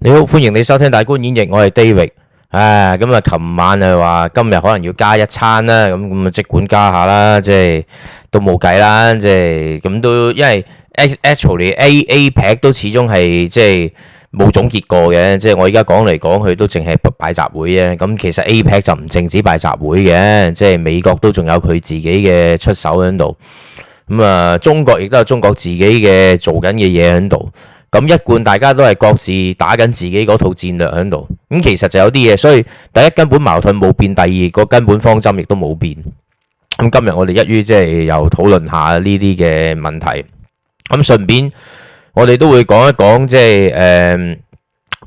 你好，歡迎你收聽大觀演繹，我係 David。唉，咁啊，琴晚啊話今日可能要加一餐啦，咁咁啊，即管加下啦，即係都冇計啦，即係咁都因為 actually A APEC 都始終係即係冇總結過嘅，即係我而家講嚟講去都淨係擺集會啫，咁其實 APEC 就唔淨止擺集會嘅，即係美國都仲有佢自己嘅出手喺度，咁啊，中國亦都有中國自己嘅做緊嘅嘢喺度。咁一貫大家都係各自打緊自己嗰套戰略喺度，咁其實就有啲嘢，所以第一根本矛盾冇變，第二個根本方針亦都冇變。咁今日我哋一於即係又討論下呢啲嘅問題，咁順便我哋都會講一講即係誒，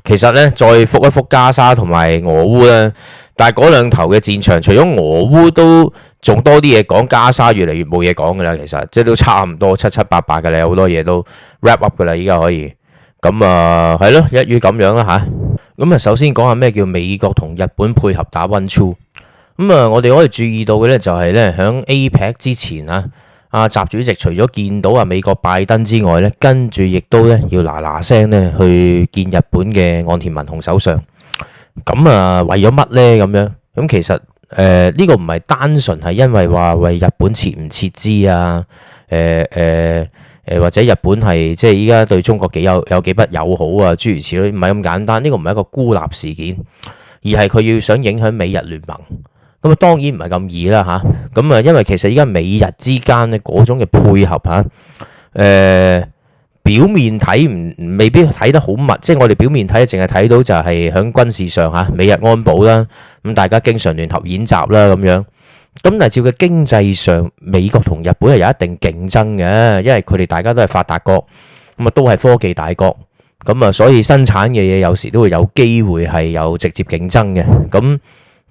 其實呢，再覆一覆加沙同埋俄烏呢。但係嗰兩頭嘅戰場，除咗俄烏都仲多啲嘢講，加沙越嚟越冇嘢講噶啦。其實即係都差唔多七七八八噶啦，好多嘢都 wrap up 噶啦。依家可以咁啊，係、嗯、咯、嗯，一於咁樣啦吓。咁、嗯、啊，首先講下咩叫美國同日本配合打 One Two。咁啊、嗯，我哋可以注意到嘅呢、就是，就係呢響 APEC 之前啊，阿習主席除咗見到啊美國拜登之外呢，跟住亦都呢要嗱嗱聲呢去見日本嘅岸田文雄首相。咁啊，為咗乜咧？咁樣咁其實誒呢、呃，這個唔係單純係因為話為日本撤唔撤資啊？誒誒誒或者日本係即係依家對中國幾有有幾不友好啊？諸如此類，唔係咁簡單。呢、這個唔係一個孤立事件，而係佢要想影響美日聯盟。咁啊，當然唔係咁易啦吓。咁啊，因為其實依家美日之間咧嗰種嘅配合吓，誒、呃。表面睇唔未必睇得好密，即係我哋表面睇，淨係睇到就係響軍事上嚇，美日安保啦，咁大家經常聯合演習啦咁樣。咁但係照佢經濟上，美國同日本係有一定競爭嘅，因為佢哋大家都係發達國，咁啊都係科技大國，咁啊所以生產嘅嘢有時都會有機會係有直接競爭嘅。咁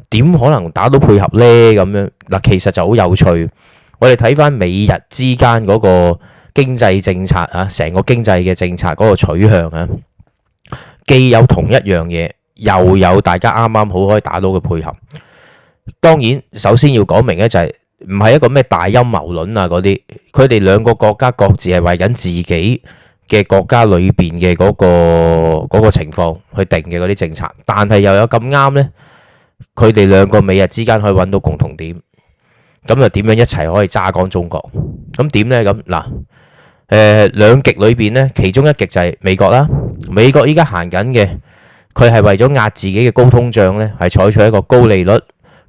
點可能打到配合呢？咁樣嗱，其實就好有趣。我哋睇翻美日之間嗰個。經濟政策啊，成個經濟嘅政策嗰個取向啊，既有同一樣嘢，又有大家啱啱好可以打到嘅配合。當然，首先要講明咧、就係，就係唔係一個咩大陰謀論啊嗰啲，佢哋兩個國家各自係為緊自己嘅國家裏邊嘅嗰個情況去定嘅嗰啲政策，但係又有咁啱呢，佢哋兩個美日之間可以揾到共同點，咁就點樣一齊可以揸港中國？咁點呢？咁嗱。誒兩極裏邊咧，其中一極就係美國啦。美國依家行緊嘅，佢係為咗壓自己嘅高通脹咧，係採取一個高利率、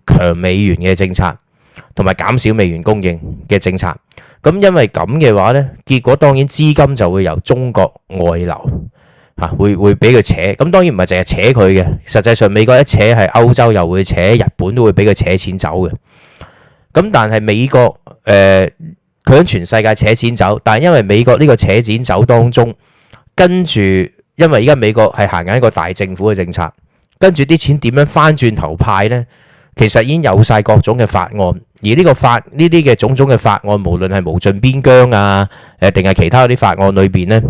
強美元嘅政策，同埋減少美元供應嘅政策。咁因為咁嘅話咧，結果當然資金就會由中國外流嚇，會會俾佢扯。咁當然唔係淨係扯佢嘅，實際上美國一扯係歐洲又會扯，日本都會俾佢扯錢走嘅。咁但係美國誒。佢喺全世界扯錢走，但係因為美國呢個扯錢走當中，跟住因為而家美國係行緊一個大政府嘅政策，跟住啲錢點樣翻轉頭派呢？其實已經有晒各種嘅法案，而呢個法呢啲嘅種種嘅法案，無論係無盡邊疆啊，誒定係其他啲法案裏邊呢，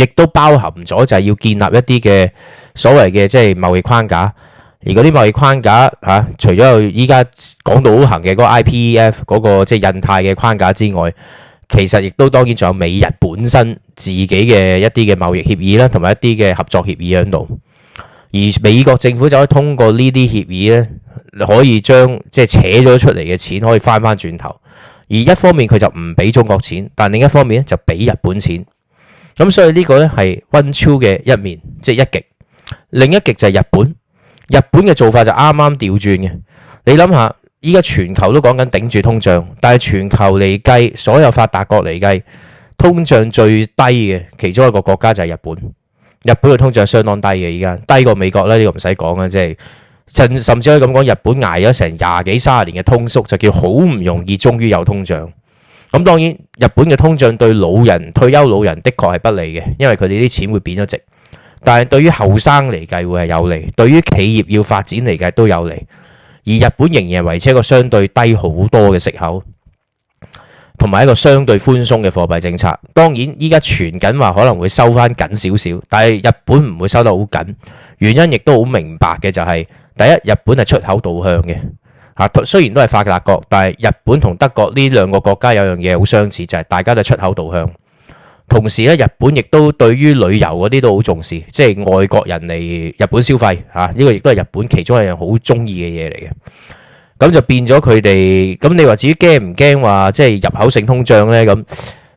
亦都包含咗就係要建立一啲嘅所謂嘅即係貿易框架。而嗰啲貿易框架嚇、啊，除咗依家講到好行嘅嗰個 IPEF 嗰個即係印太嘅框架之外，其實亦都當然仲有美日本身自己嘅一啲嘅貿易協議啦，同埋一啲嘅合作協議喺度。而美國政府就可以通過呢啲協議咧，可以將即係扯咗出嚟嘅錢可以翻翻轉頭。而一方面佢就唔俾中國錢，但另一方面咧就俾日本錢。咁所以呢個咧係 one-two 嘅一面，即係一極。另一極就係日本。日本嘅做法就啱啱調轉嘅，你諗下，依家全球都講緊頂住通脹，但係全球嚟計，所有發達國嚟計，通脹最低嘅其中一個國家就係日本。日本嘅通脹相當低嘅，依家低過美國啦，呢個唔使講嘅，即係甚甚至可以咁講，日本挨咗成廿幾三十年嘅通縮，就叫好唔容易，終於有通脹。咁當然，日本嘅通脹對老人退休老人的確係不利嘅，因為佢哋啲錢會變咗值。但係對於後生嚟計會係有利，對於企業要發展嚟計都有利。而日本仍然維持一個相對低好多嘅息口，同埋一個相對寬鬆嘅貨幣政策。當然依家傳緊話可能會收返緊少少，但係日本唔會收得好緊。原因亦都好明白嘅，就係第一，日本係出口導向嘅嚇，雖然都係發達國，但係日本同德國呢兩個國家有樣嘢好相似，就係大家都出口導向。同時咧，日本亦都對於旅遊嗰啲都好重視，即係外國人嚟日本消費嚇，呢個亦都係日本其中一樣好中意嘅嘢嚟嘅。咁就變咗佢哋咁，你話至於驚唔驚話即係入口性通脹呢？咁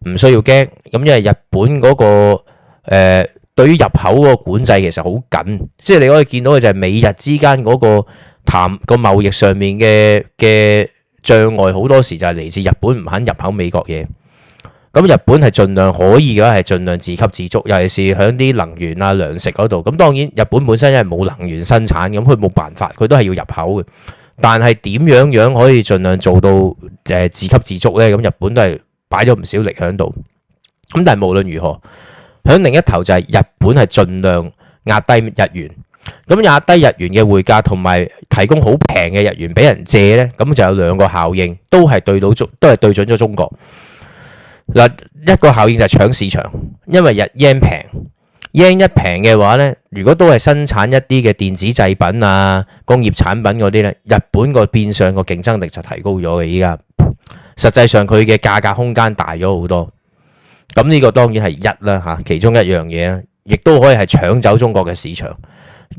唔需要驚，咁因為日本嗰個誒對於入口嗰個管制其實好緊，即係你可以見到嘅就係美日之間嗰個談個貿易上面嘅嘅障礙，好多時就係嚟自日本唔肯入口美國嘢。咁日本係儘量可以嘅，係儘量自給自足，尤其是喺啲能源啊、糧食嗰度。咁當然日本本身因為冇能源生產，咁佢冇辦法，佢都係要入口嘅。但係點樣樣可以儘量做到誒自給自足呢？咁日本都係擺咗唔少力喺度。咁但係無論如何，喺另一頭就係日本係儘量壓低日元，咁壓低日元嘅匯價同埋提供好平嘅日元俾人借呢，咁就有兩個效應，都係對到都係對準咗中國。嗱，一個效應就係搶市場，因為日 yen 平 yen 一平嘅話呢，如果都係生產一啲嘅電子製品啊、工業產品嗰啲呢，日本個變相個競爭力就提高咗嘅。依家實際上佢嘅價格空間大咗好多，咁、這、呢個當然係一啦吓，其中一樣嘢，亦都可以係搶走中國嘅市場。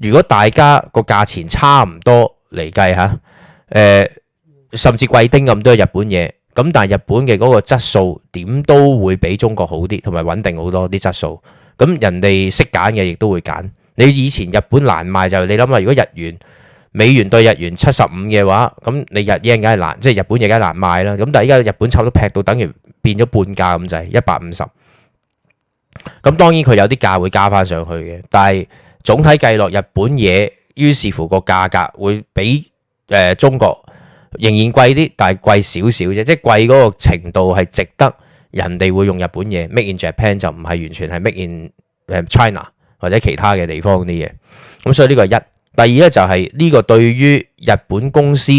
如果大家個價錢差唔多嚟計吓，誒、呃，甚至貴丁咁多日本嘢。咁但係日本嘅嗰個質素點都會比中國好啲，同埋穩定好多啲質素。咁人哋識揀嘅亦都會揀。你以前日本難賣就你諗下，如果日元美元對日元七十五嘅話，咁你日元梗係難，即係日本嘢梗係難賣啦。咁但係依家日本差唔多劈到等於變咗半價咁滯，一百五十。咁當然佢有啲價會加翻上去嘅，但係總體計落日本嘢，於是乎個價格會比誒中國，仍然貴啲，但係貴少少啫，即係貴嗰個程度係值得人哋會用日本嘢 made in Japan 就唔係完全係 made in China 或者其他嘅地方啲嘢，咁、嗯、所以呢個係一。第二咧就係、是、呢個對於日本公司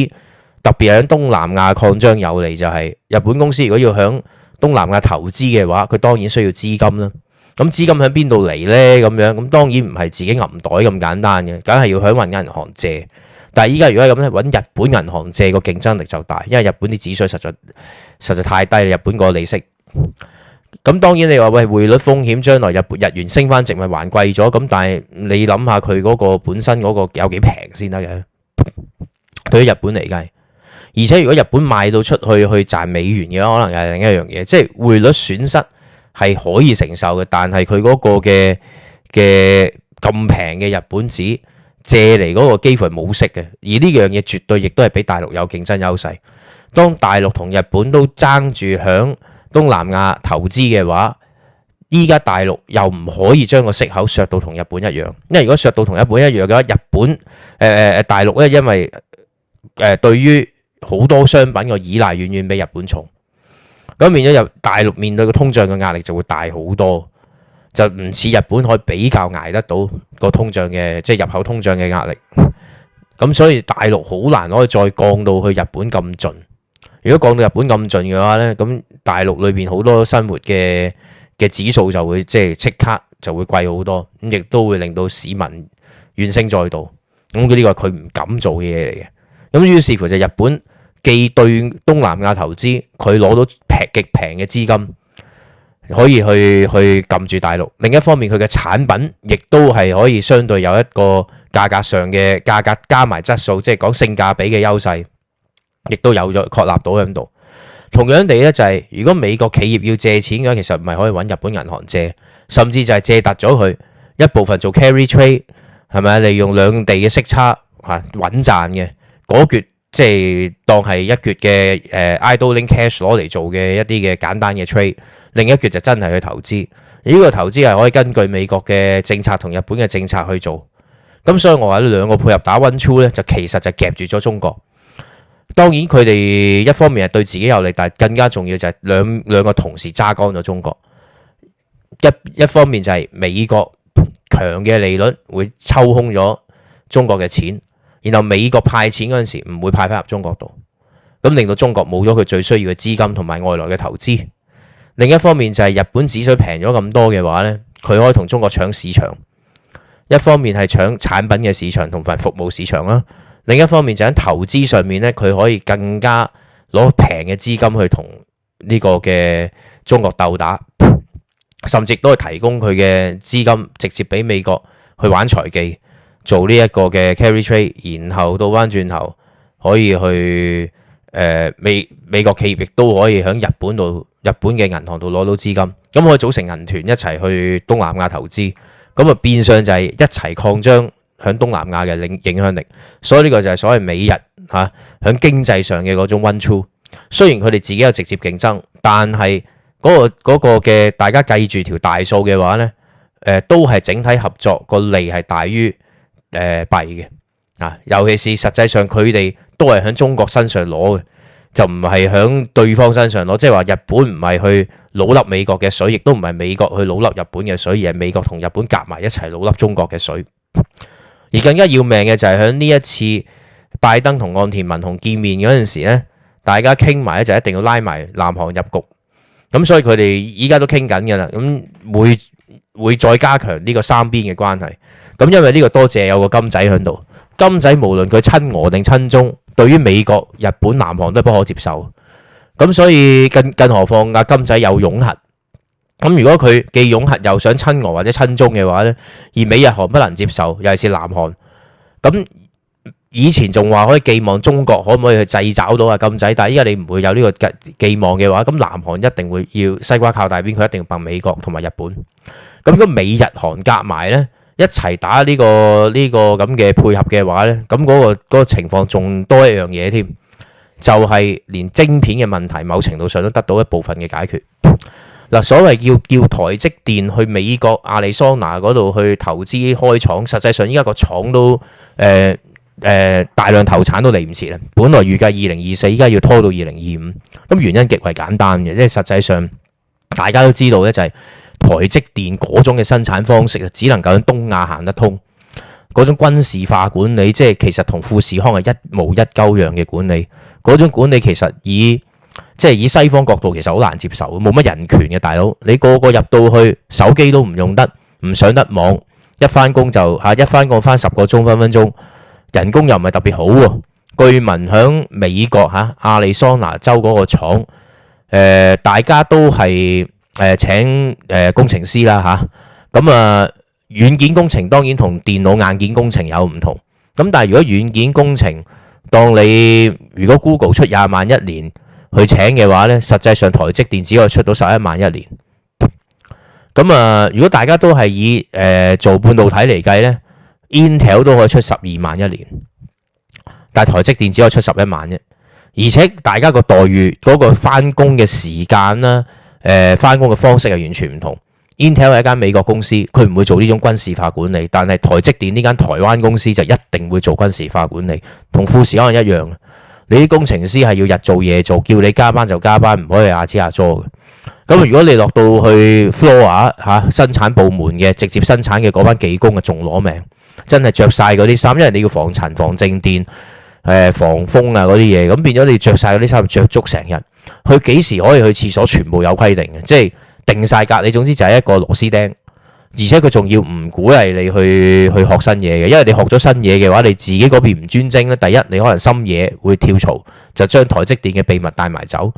特別喺東南亞擴張有利，就是，就係日本公司如果要響東南亞投資嘅話，佢當然需要資金啦。咁資金響邊度嚟呢？咁樣咁當然唔係自己銀袋咁簡單嘅，梗係要響銀行借。但係依家如果係咁咧，揾日本銀行借個競爭力就大，因為日本啲指數實在實在太低，日本個利息。咁當然你話喂，匯率風險，將來日日元升翻值咪還貴咗？咁但係你諗下佢嗰個本身嗰個有幾平先得嘅？對於日本嚟計，而且如果日本賣到出去去賺美元嘅話，可能係另一樣嘢，即係匯率損失係可以承受嘅，但係佢嗰個嘅嘅咁平嘅日本紙。借嚟嗰個幾乎係冇息嘅，而呢樣嘢絕對亦都係比大陸有競爭優勢。當大陸同日本都爭住響東南亞投資嘅話，依家大陸又唔可以將個息口削到同日本一樣，因為如果削到同日本一樣嘅話，日本誒誒、呃、大陸咧，因為誒、呃、對於好多商品嘅依賴遠遠比日本重，咁變咗入大陸面對個通脹嘅壓力就會大好多。就唔似日本可以比較挨得到個通脹嘅，即係入口通脹嘅壓力。咁所以大陸好難可以再降到去日本咁盡。如果降到日本咁盡嘅話咧，咁大陸裏邊好多生活嘅嘅指數就會即係即刻就會貴好多，咁亦都會令到市民怨聲載道。咁佢呢個係佢唔敢做嘅嘢嚟嘅。咁於是乎就日本既對東南亞投資，佢攞到平極平嘅資金。可以去去撳住大陸，另一方面佢嘅產品亦都係可以相對有一個價格上嘅價格加埋質素，即係講性價比嘅優勢，亦都有咗確立到喺度。同樣地咧、就是，就係如果美國企業要借錢嘅話，其實唔係可以揾日本銀行借，甚至就係借達咗佢一部分做 carry trade，係咪利用兩地嘅息差嚇、啊、穩賺嘅嗰橛，即係當係一橛嘅誒 idling cash 攞嚟做嘅一啲嘅簡單嘅 trade。另一橛就真係去投資，而呢個投資係可以根據美國嘅政策同日本嘅政策去做。咁所以我話呢兩個配合打 one two 咧，就其實就夾住咗中國。當然佢哋一方面係對自己有利，但係更加重要就係兩兩個同時揸乾咗中國。一一方面就係美國強嘅利率會抽空咗中國嘅錢，然後美國派錢嗰陣時唔會派翻入中國度，咁令到中國冇咗佢最需要嘅資金同埋外來嘅投資。另一方面就係日本紙水平咗咁多嘅話呢，佢可以同中國搶市場，一方面係搶產品嘅市場同埋服務市場啦，另一方面就喺投資上面呢，佢可以更加攞平嘅資金去同呢個嘅中國鬥打，甚至都係提供佢嘅資金直接俾美國去玩財技，做呢一個嘅 carry trade，然後倒翻轉頭可以去。誒美美國企業亦都可以喺日本度、日本嘅銀行度攞到資金，咁可以組成銀團一齊去東南亞投資，咁啊變相就係一齊擴張響東南亞嘅影影響力，所以呢個就係所謂美日嚇響經濟上嘅嗰種 one-two 雖然佢哋自己有直接競爭，但係嗰、嗰個嘅、嗰個、大家計住條大數嘅話呢誒都係整體合作個利係大於誒弊嘅，啊尤其是實際上佢哋。都係喺中國身上攞嘅，就唔係喺對方身上攞。即係話日本唔係去老笠美國嘅水，亦都唔係美國去老笠日本嘅水，而係美國同日本夾埋一齊老笠中國嘅水。而更加要命嘅就係喺呢一次拜登同岸田文雄見面嗰陣時咧，大家傾埋咧就一定要拉埋南韓入局。咁所以佢哋依家都傾緊㗎喇。咁會會再加強呢個三邊嘅關係。咁因為呢個多謝有個金仔喺度。金仔無論佢親俄定親中，對於美國、日本、南韓都不可接受。咁所以更更何況阿金仔有擁核。咁如果佢既擁核又想親俄或者親中嘅話咧，而美日韓不能接受，尤其是南韓。咁以前仲話可以寄望中國可唔可以去製找到啊金仔，但係依家你唔會有呢個寄寄望嘅話，咁南韓一定會要西瓜靠大邊，佢一定要傍美國同埋日本。咁如果美日韓夾埋咧，一齊打呢個呢個咁嘅配合嘅話呢，咁嗰個情況仲多一樣嘢添，就係連晶片嘅問題，某程度上都得到一部分嘅解決。嗱，所謂要叫台積電去美國亞利桑那嗰度去投資開廠，實際上依家個廠都誒誒大量投產都嚟唔切啊！本來預計二零二四，依家要拖到二零二五。咁原因極為簡單嘅，即係實際上大家都知道呢就係。台積電嗰種嘅生產方式啊，只能夠喺東亞行得通。嗰種軍事化管理，即係其實同富士康係一模一鳩樣嘅管理。嗰種管理其實以即係以西方角度其實好難接受，冇乜人權嘅大佬。你個個入到去，手機都唔用得，唔上得網。一翻工就嚇，一翻個翻十個鐘，分分鐘，人工又唔係特別好喎。據聞響美國嚇亞利桑那州嗰個廠，呃，大家都係。誒、呃、請誒、呃、工程師啦嚇，咁啊軟件工程當然同電腦硬件工程有唔同。咁但係如果軟件工程當你如果 Google 出廿萬一年去請嘅話呢，實際上台積電只可以出到十一萬一年。咁啊，如果大家都係以誒、呃、做半導體嚟計呢，Intel 都可以出十二萬一年，但係台積電只可以出十一萬啫。而且大家個待遇嗰、那個返工嘅時間啦。誒翻工嘅方式係完全唔同。Intel 係一間美國公司，佢唔會做呢種軍事化管理，但係台積電呢間台灣公司就一定會做軍事化管理，同富士康一樣。你啲工程師係要日做夜做，叫你加班就加班，唔可以阿支阿佐嘅。咁、嗯、如果你落到去 floor 啊嚇生產部門嘅直接生產嘅嗰班技工啊，仲攞命，真係着晒嗰啲衫，因為你要防塵、防靜電、誒防風啊嗰啲嘢，咁變咗你着晒嗰啲衫着足成日。佢幾時可以去廁所？全部有規定嘅，即係定晒格。你總之就係一個螺絲釘，而且佢仲要唔鼓勵你去去學新嘢嘅，因為你學咗新嘢嘅話，你自己嗰邊唔專精咧。第一，你可能深夜會跳槽，就將台積電嘅秘密帶埋走。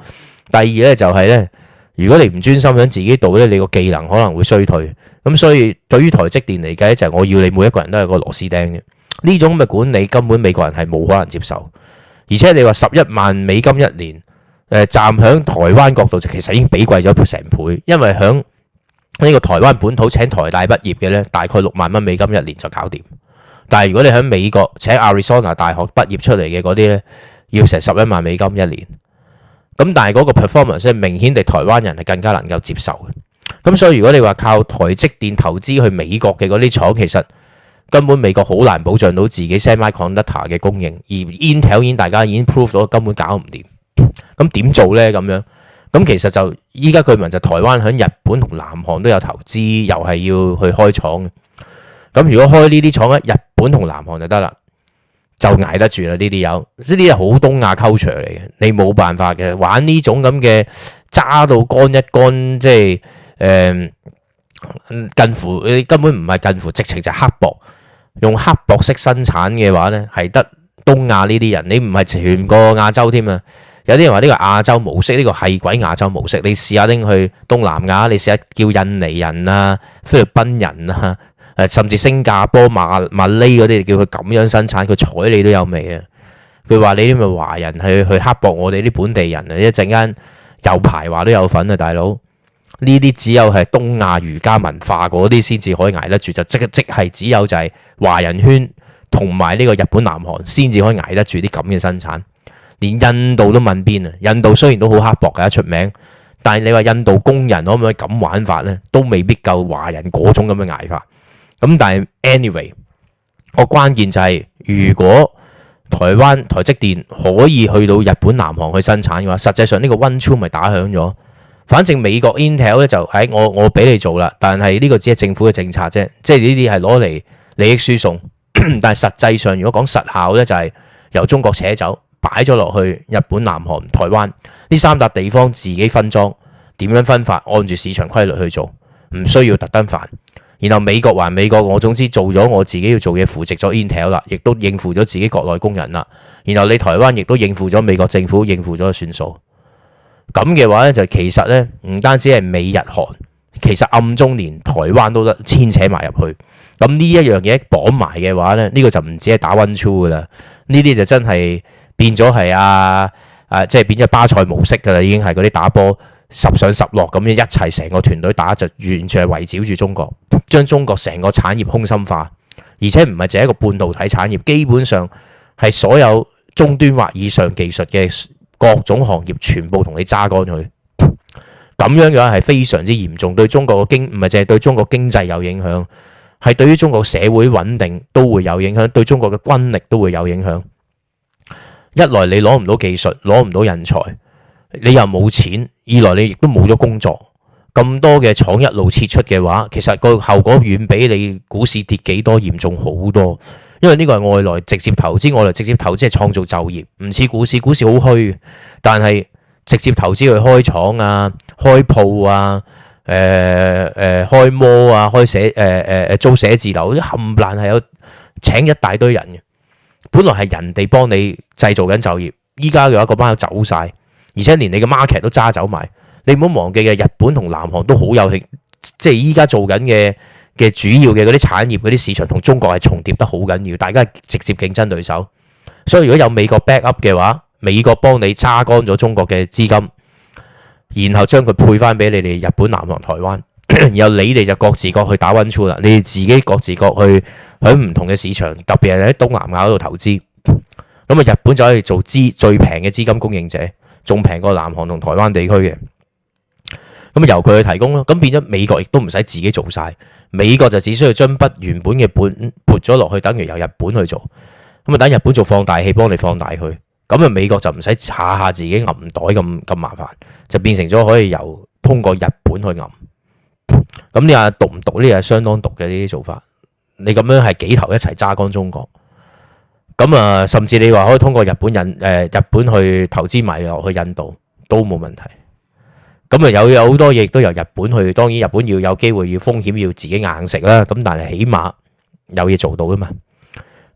第二咧就係咧，如果你唔專心響自己度咧，你個技能可能會衰退。咁所以對於台積電嚟計咧，就係我要你每一個人都係個螺絲釘嘅。呢種嘅管理根本美國人係冇可能接受。而且你話十一萬美金一年。誒站喺台灣角度，就其實已經比貴咗成倍，因為喺呢個台灣本土請台大畢業嘅呢，大概六萬蚊美金一年就搞掂。但係如果你喺美國請 Arizona 大學畢業出嚟嘅嗰啲呢，要成十一萬美金一年。咁但係嗰個 performance 係明顯地台灣人係更加能夠接受嘅。咁所以如果你話靠台積電投資去美國嘅嗰啲廠，其實根本美國好難保障到自己 semiconductor 嘅供應，而 Intel 已經大家已經 prove 咗根本搞唔掂。咁點做呢？咁樣，咁其實就依家據聞就台灣響日本同南韓都有投資，又係要去開廠。咁如果開呢啲廠咧，日本同南韓就得啦，就捱得住啦。呢啲有呢啲係好東亞 culture 嚟嘅，你冇辦法嘅。玩呢種咁嘅揸到乾一乾，即係誒近乎你根本唔係近乎，近乎直情就黑薄用黑薄式生產嘅話呢係得東亞呢啲人，你唔係全個亞洲添啊。有啲人話呢個亞洲模式，呢個係鬼亞洲模式。你試下拎去東南亞，你試下叫印尼人啊、菲律賓人啊，甚至新加坡、馬馬來嗰啲，你叫佢咁樣生產，佢睬你都有味啊！佢話你啲咪華人去去刻薄我哋啲本地人啊！一陣間又排華都有份啊，大佬！呢啲只有係東亞儒家文化嗰啲先至可以捱得住，就即即係只有就係華人圈同埋呢個日本、南韓先至可以捱得住啲咁嘅生產。連印度都問邊啊？印度雖然都好刻薄，噶一出名，但係你話印度工人可唔可以咁玩法呢？都未必夠華人嗰種咁嘅捱法。咁但係 anyway 個關鍵就係、是，如果台灣台積電可以去到日本南韓去生產嘅話，實際上呢個 one-two 咪打響咗。反正美國 Intel 咧就喺、哎、我我俾你做啦，但係呢個只係政府嘅政策啫，即係呢啲係攞嚟利益輸送。 但係實際上如果講實效呢，就係由中國扯走。擺咗落去日本、南韓、台灣呢三笪地方，自己分裝點樣分法，按住市場規律去做，唔需要特登煩。然後美國還美國，我總之做咗我自己要做嘢，扶植咗 Intel 啦，亦都應付咗自己國內工人啦。然後你台灣亦都應付咗美國政府，應付咗算數。咁嘅話呢，就其實呢唔單止係美日韓，其實暗中連台灣都得牽扯埋入去。咁呢一樣嘢綁埋嘅話呢，呢個就唔止係打 one two 噶啦，呢啲就真係。變咗係啊啊，即係變咗巴塞模式㗎啦，已經係嗰啲打波十上十落咁樣一齊成個團隊打，就完全係圍繞住中國，將中國成個產業空心化，而且唔係淨係一個半導體產業，基本上係所有中端或以上技術嘅各種行業，全部同你揸乾佢。咁樣樣係非常之嚴重，對中國嘅經，唔係淨係對中國經濟有影響，係對於中國社會穩定都會有影響，對中國嘅軍力都會有影響。一來你攞唔到技術，攞唔到人才，你又冇錢；二來你亦都冇咗工作。咁多嘅廠一路撤出嘅話，其實個後果遠比你股市跌幾多嚴重好多。因為呢個係外來直接投資，外來直接投資係創造就業，唔似股市，股市好虛。但係直接投資去開廠啊、開鋪啊、誒、呃、誒、呃、開模啊、開寫誒誒租寫字樓，啲冚爛係有請一大堆人嘅。本來係人哋幫你製造緊就業，依家嘅話，嗰班友走晒，而且連你嘅 market 都揸走埋。你唔好忘記嘅，日本同南韓都好有興，即係依家做緊嘅嘅主要嘅嗰啲產業嗰啲市場同中國係重疊得好緊要，大家係直接競爭對手。所以如果有美國 back up 嘅話，美國幫你揸乾咗中國嘅資金，然後將佢配翻俾你哋日本、南韓、台灣。 然後你哋就各自各去打 one-two 啦，你哋自己各自各去喺唔同嘅市場，特別係喺東南亞度投資。咁啊，日本就可以做資最平嘅資金供應者，仲平過南韓同台灣地區嘅。咁啊，由佢去提供咯。咁變咗美國亦都唔使自己做晒，美國就只需要將筆原本嘅本撥咗落去，等於由日本去做。咁啊，等日本做放大器，幫你放大佢。咁啊，美國就唔使下下自己銀袋咁咁麻煩，就變成咗可以由通過日本去撳。咁你話讀唔讀呢？又相當讀嘅呢啲做法，你咁樣係幾頭一齊揸光中國，咁啊，甚至你話可以通過日本人誒、呃，日本去投資埋落去印度都冇問題。咁啊，有有好多嘢都由日本去，當然日本要有機會，要風險要自己硬食啦。咁但係起碼有嘢做到啊嘛。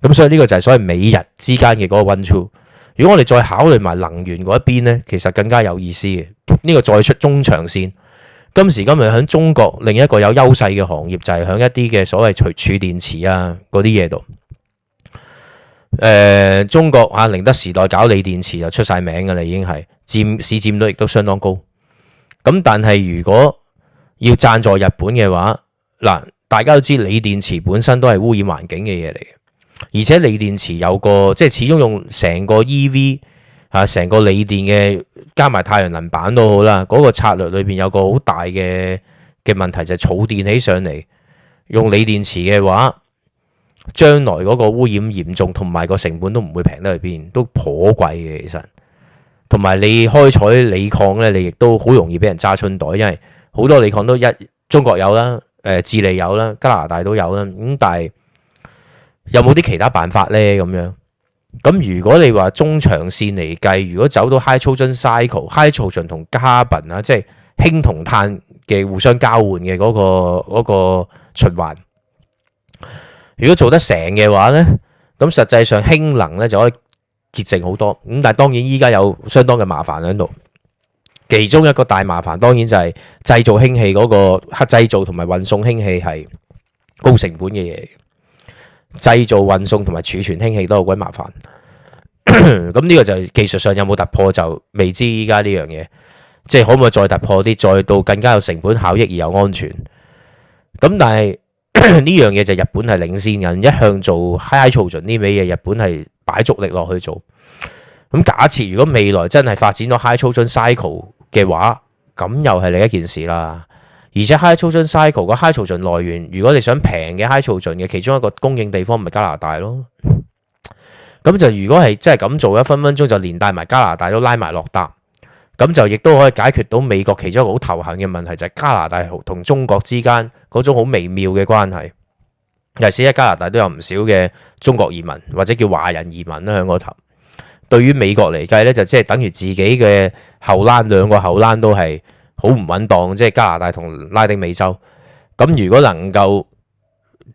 咁所以呢個就係所謂美日之間嘅嗰個 w i，如果我哋再考慮埋能源嗰一邊呢，其實更加有意思嘅。呢、這個再出中長線。今時今日喺中國另一個有優勢嘅行業就係、是、喺一啲嘅所謂儲儲電池啊嗰啲嘢度，誒、呃、中國啊寧德時代搞鋰電池就出曬名㗎啦，已經係佔市佔率亦都相當高。咁但係如果要贊助日本嘅話，嗱大家都知鋰電池本身都係污染環境嘅嘢嚟嘅，而且鋰電池有個即係始終用成個 EV。啊！成個鋰電嘅加埋太陽能板都好啦，嗰、那個策略裏邊有個好大嘅嘅問題就係、是、儲電起上嚟，用鋰電池嘅話，將來嗰個污染嚴重，同埋個成本都唔會平得去邊，都頗貴嘅其實。同埋你開採鋰礦咧，你亦都好容易俾人揸春袋，因為好多鋰礦都一中國有啦，誒智利有啦，加拿大都有啦，咁但係有冇啲其他辦法咧？咁樣？咁如果你話中長線嚟計，如果走到 high hydrogen cycle、high hydrogen 同 carbon 啊，即係氫同碳嘅互相交換嘅嗰、嗰個、嗰個循環，如果做得成嘅話咧，咁實際上氫能咧就可以潔淨好多。咁但係當然依家有相當嘅麻煩喺度，其中一個大麻煩當然就係製造氫氣嗰、嗰個、黑製造同埋運送氫氣係高成本嘅嘢。製造、運送同埋儲存氫氣都好鬼麻煩，咁呢 個就技術上有冇突破就未知。依家呢樣嘢，即係可唔可以再突破啲，再到更加有成本效益而又安全。咁但係呢樣嘢就日本係領先人，一向做 high o 儲存呢味嘢，日本係擺足力落去做。咁假設如果未來真係發展到 high 儲存 cycle 嘅話，咁又係另一件事啦。而且 high o h 潮 n cycle 個 high 潮樽來源，如果你想平嘅 high 潮樽嘅，其中一個供應地方咪加拿大咯。咁就如果係真係咁做，一分分鐘就連帶埋加拿大都拉埋落搭，咁就亦都可以解決到美國其中一個好頭痕嘅問題，就係加拿大同中國之間嗰種好微妙嘅關係。尤其是加拿大都有唔少嘅中國移民或者叫華人移民啦，喺嗰頭。對於美國嚟計呢就即係等於自己嘅後攤，兩個後攤都係。好唔穩當，即係加拿大同拉丁美洲。咁如果能夠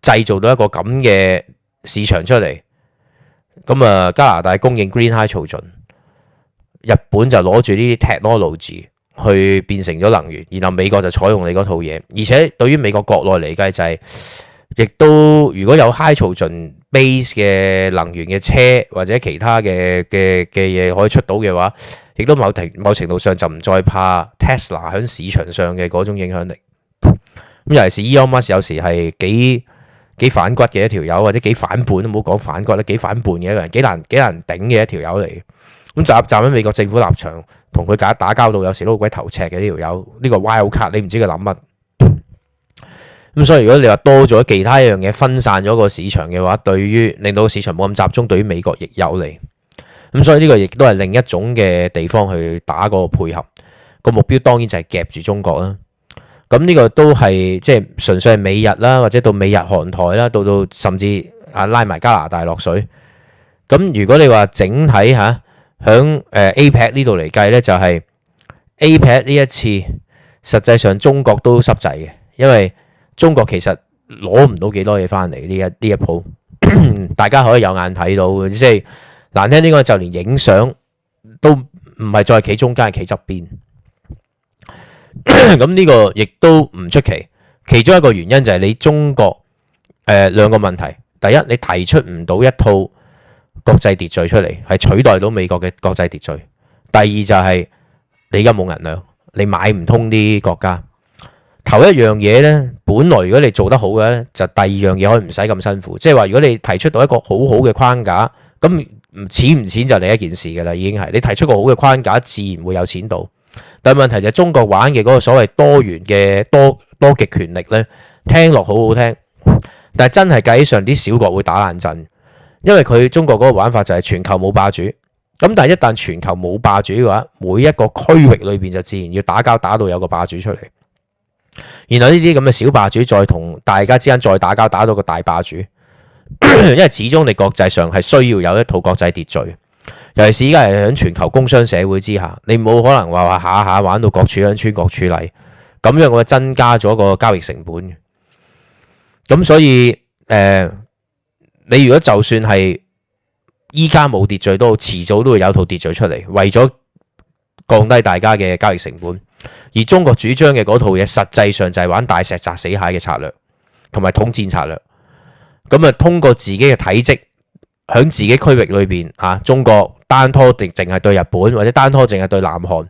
製造到一個咁嘅市場出嚟，咁啊加拿大供應 green hydrogen，日本就攞住呢啲 technology 去變成咗能源，然後美國就採用你嗰套嘢。而且對於美國國內嚟計就係，亦都如果有 hydrogen base 嘅能源嘅車或者其他嘅嘅嘅嘢可以出到嘅話。亦都某程某程度上就唔再怕 Tesla 喺市場上嘅嗰種影響力。咁尤其是 Elon Musk 有時係幾幾反骨嘅一條友，或者幾反叛都唔好講反骨啦，幾反叛嘅一個人，幾難幾難頂嘅一條友嚟。咁站站喺美國政府立場，同佢打打交道，有時都好鬼頭赤嘅呢條友。呢、這個、這個、Wild Card 你唔知佢諗乜。咁 所以如果你話多咗其他一樣嘢分散咗個市場嘅話，對於令到個市場冇咁集中，對於美國亦有利。咁所以呢個亦都係另一種嘅地方去打嗰個配合，個目標當然就係夾住中國啦。咁呢個都係即係純粹係美日啦，或者到美日韓台啦，到到甚至啊拉埋加拿大落水。咁如果你話整體吓響誒 APEC 呢度嚟計咧，就係 APEC 呢一次，實際上中國都濕滯嘅，因為中國其實攞唔到幾多嘢翻嚟呢一呢一鋪，大家可以有眼睇到嘅，即係。難聽啲講，就連影相都唔係再企中間，企側邊。咁呢 個亦都唔出奇。其中一個原因就係你中國誒呃、兩個問題：第一，你提出唔到一套國際秩序出嚟，係取代到美國嘅國際秩序；第二就係你而家冇銀兩，你買唔通啲國家。頭一樣嘢呢，本來如果你做得好嘅呢，就第二樣嘢可以唔使咁辛苦。即係話，如果你提出到一個好好嘅框架，咁。唔錢唔錢就另一件事嘅啦，已經係你提出個好嘅框架，自然會有錢到。但係問題就係中國玩嘅嗰個所謂多元嘅多多極權力呢，聽落好好聽，但係真係計上啲小國會打爛陣，因為佢中國嗰個玩法就係全球冇霸主。咁但係一旦全球冇霸主嘅話，每一個區域裏邊就自然要打交，打到有個霸主出嚟，然後呢啲咁嘅小霸主再同大家之間再打交，打到個大霸主。 因為始終你國際上係需要有一套國際秩序，尤其是依家係喺全球工商社會之下，你冇可能話話下下玩到各處鄉村各處例，咁樣會增加咗個交易成本嘅。咁所以誒、呃，你如果就算係依家冇秩序都好，遲早都會有套秩序出嚟，為咗降低大家嘅交易成本，而中國主張嘅嗰套嘢，實際上就係玩大石砸死蟹嘅策略，同埋統戰策略。咁啊，通過自己嘅體積，喺自己區域裏邊嚇，中國單拖定淨係對日本，或者單拖淨係對南韓，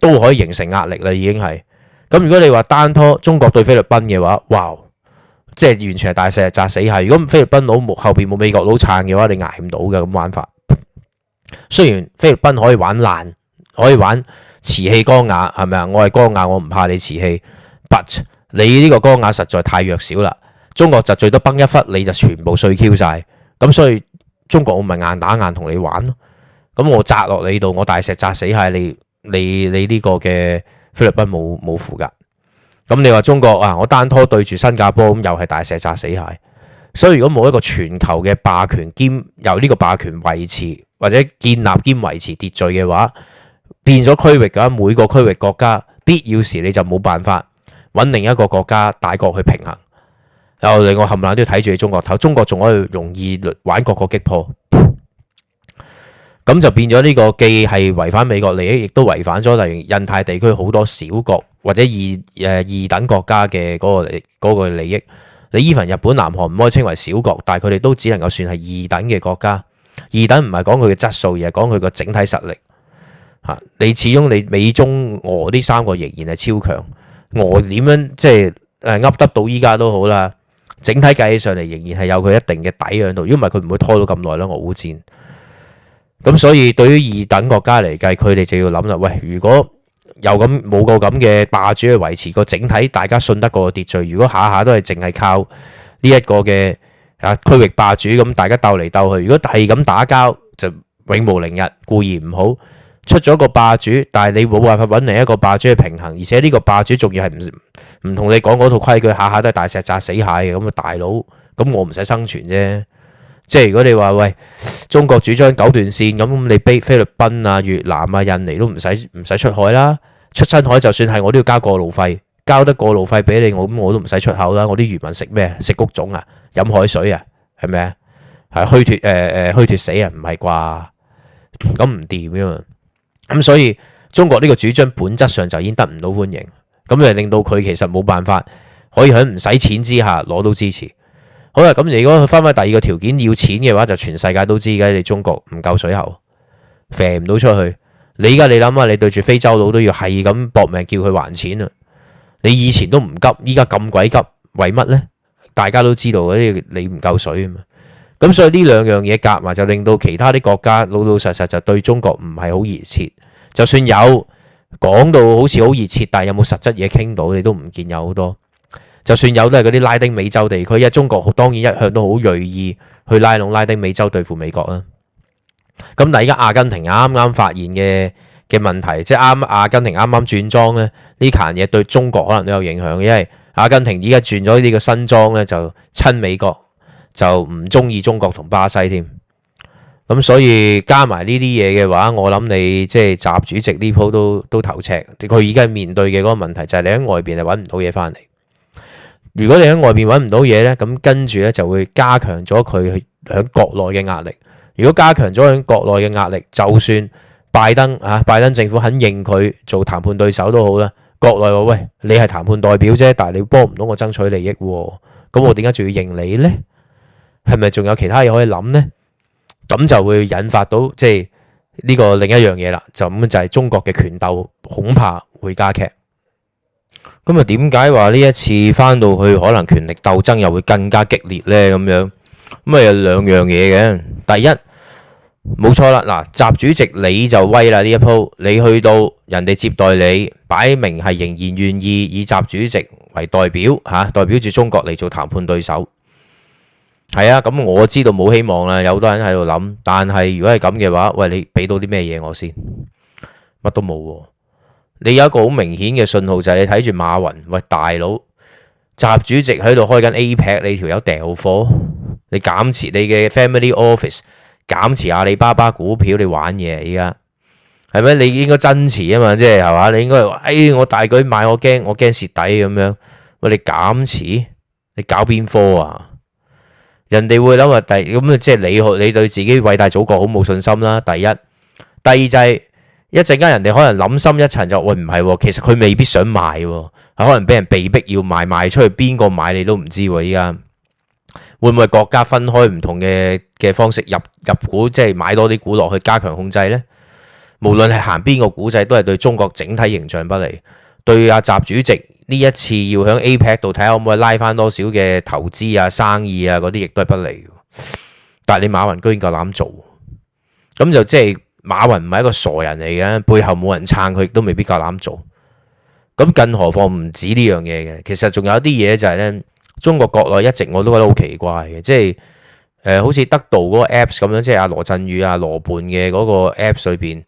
都可以形成壓力啦，已經係。咁如果你話單拖中國對菲律賓嘅話，哇，即係完全係大石砸死蟹。如果菲律賓佬幕後邊冇美國佬撐嘅話，你挨唔到嘅咁玩法。雖然菲律賓可以玩爛，可以玩瓷器缸瓦係咪啊？我係缸瓦，我唔怕你瓷器。But 你呢個缸瓦實在太弱小啦。中國就最多崩一忽，你就全部碎 Q 晒。咁，所以中國我咪硬打硬同你玩咯。咁我砸落你度，我大石砸死下你，你你呢個嘅菲律賓冇冇符㗎？咁你話中國啊，我單拖對住新加坡咁，又係大石砸死蟹。所以如果冇一個全球嘅霸權兼由呢個霸權維持或者建立兼維持秩序嘅話，變咗區域嘅話，每個區域國家必要時你就冇辦法揾另一個國家大國去平衡。又嚟，後我冚唪唥都要睇住你中國頭，中國仲可以容易玩各個擊破，咁就變咗呢個既係違反美國利益，亦都違反咗例如印太地區好多小國或者二誒二等國家嘅嗰個利益。你 even 日本、南韓唔可以稱為小國，但係佢哋都只能夠算係二等嘅國家。二等唔係講佢嘅質素，而係講佢個整體實力。嚇！你始終你美、中、俄呢三個仍然係超強。俄點樣即係誒噏得到依家都好啦。整體計起上嚟，仍然係有佢一定嘅底響度，如果唔係佢唔會拖到咁耐咯。俄烏戰，咁所以對於二等國家嚟計，佢哋就要諗啦。喂，如果有咁冇個咁嘅霸主去維持個整體，大家信得過個秩序。如果下下都係淨係靠呢一個嘅啊區域霸主咁，大家鬥嚟鬥去，如果係咁打交，就永無寧日，固然唔好。出咗個霸主，但係你冇辦法搵另一個霸主去平衡，而且呢個霸主仲要係唔唔同你講嗰套規矩，下下都係大石砸死蟹嘅，咁啊大佬，咁我唔使生存啫，即係如果你話喂中國主張九段線咁，你菲菲律賓啊越南啊印尼都唔使唔使出海啦，出親海就算係我都要交過路費，交得過路費俾你我咁我都唔使出口啦。我啲漁民食咩食穀種啊，飲海水啊，係咪啊？係虛脫誒誒虛脫死啊，唔係啩？咁唔掂啊。咁所以中國呢個主張本質上就已經得唔到歡迎，咁就令到佢其實冇辦法可以喺唔使錢之下攞到支持。好啦，咁如果佢翻翻第二個條件，要錢嘅話就全世界都知嘅，你中國唔夠水喉，飛唔到出去。你而家你諗下，你對住非洲佬都要係咁搏命叫佢還錢啊。你以前都唔急，依家咁鬼急，為乜呢？大家都知道嗰啲你唔夠水啊嘛。咁所以呢兩樣嘢夾埋就令到其他啲國家老老實實就對中國唔係好熱切，就算有講到好似好熱切，但係有冇實質嘢傾到，你都唔見有好多。就算有都係嗰啲拉丁美洲地區，因為中國當然一向都好鋭意去拉攏拉丁美洲對付美國啦。咁但係依家阿根廷啱啱發現嘅嘅問題，即係啱阿根廷啱啱轉裝咧，呢層嘢對中國可能都有影響，因為阿根廷而家轉咗呢個新裝咧就親美國。就唔中意中國同巴西添，咁所以加埋呢啲嘢嘅話，我諗你即係習主席呢鋪都都頭赤，佢而家面對嘅嗰個問題就係你喺外邊係揾唔到嘢翻嚟。如果你喺外邊揾唔到嘢呢，咁跟住呢就會加強咗佢喺國內嘅壓力。如果加強咗喺國內嘅壓力，就算拜登啊，拜登政府肯認佢做談判對手都好啦，國內話喂，你係談判代表啫，但係你幫唔到我爭取利益，咁我點解仲要認你呢？係咪仲有其他嘢可以諗呢？咁就會引發到即係呢個另一樣嘢啦。咁就係中國嘅權鬥恐怕會加劇。咁啊，點解話呢一次翻到去可能權力鬥爭又會更加激烈呢？咁樣，咁啊，有兩樣嘢嘅。第一，冇錯啦。嗱，習主席你就威啦呢一鋪，你去到人哋接待你，擺明係仍然願意以習主席為代表吓，代表住中國嚟，做談判對手。係啊，咁我知道冇希望啦。有好多人喺度諗，但係如果係咁嘅話，喂，你俾到啲咩嘢我先？乜都冇喎。你有一個好明顯嘅信號就係你睇住馬雲，喂大佬習主席喺度開緊 APEC，你條友掉貨，你減持你嘅 Family Office，減持阿里巴巴股票，你玩嘢依家係咪？你應該增持啊嘛，即係係嘛？你應該，哎，我大舉買，我驚我驚蝕底咁樣。喂，你減持，你搞邊科啊？人哋會諗話，第咁啊，即係你學你對自己偉大祖國好冇信心啦。第一，第二就係一陣間人哋可能諗深一層就，喂唔係，其實佢未必想買，係可能俾人被逼要買，賣出去邊個買你都唔知。依家會唔會國家分開唔同嘅嘅方式入入股，即係買多啲股落去加強控制咧？無論係行邊個股制，都係對中國整體形象不利，對阿習主席。呢一次要喺 APEC 度睇下可唔可以拉翻多少嘅投資啊、生意啊嗰啲，亦都係不利嘅。但係你馬雲居然夠膽做，咁就即係馬雲唔係一個傻人嚟嘅，背後冇人撐佢，亦都未必夠膽做。咁更何況唔止呢樣嘢嘅，其實仲有一啲嘢就係呢：中國國內一直我都覺得好奇怪嘅，即係誒好似得到嗰個 Apps 咁樣，即係阿羅振宇啊、羅胖嘅嗰個 Apps 裏邊。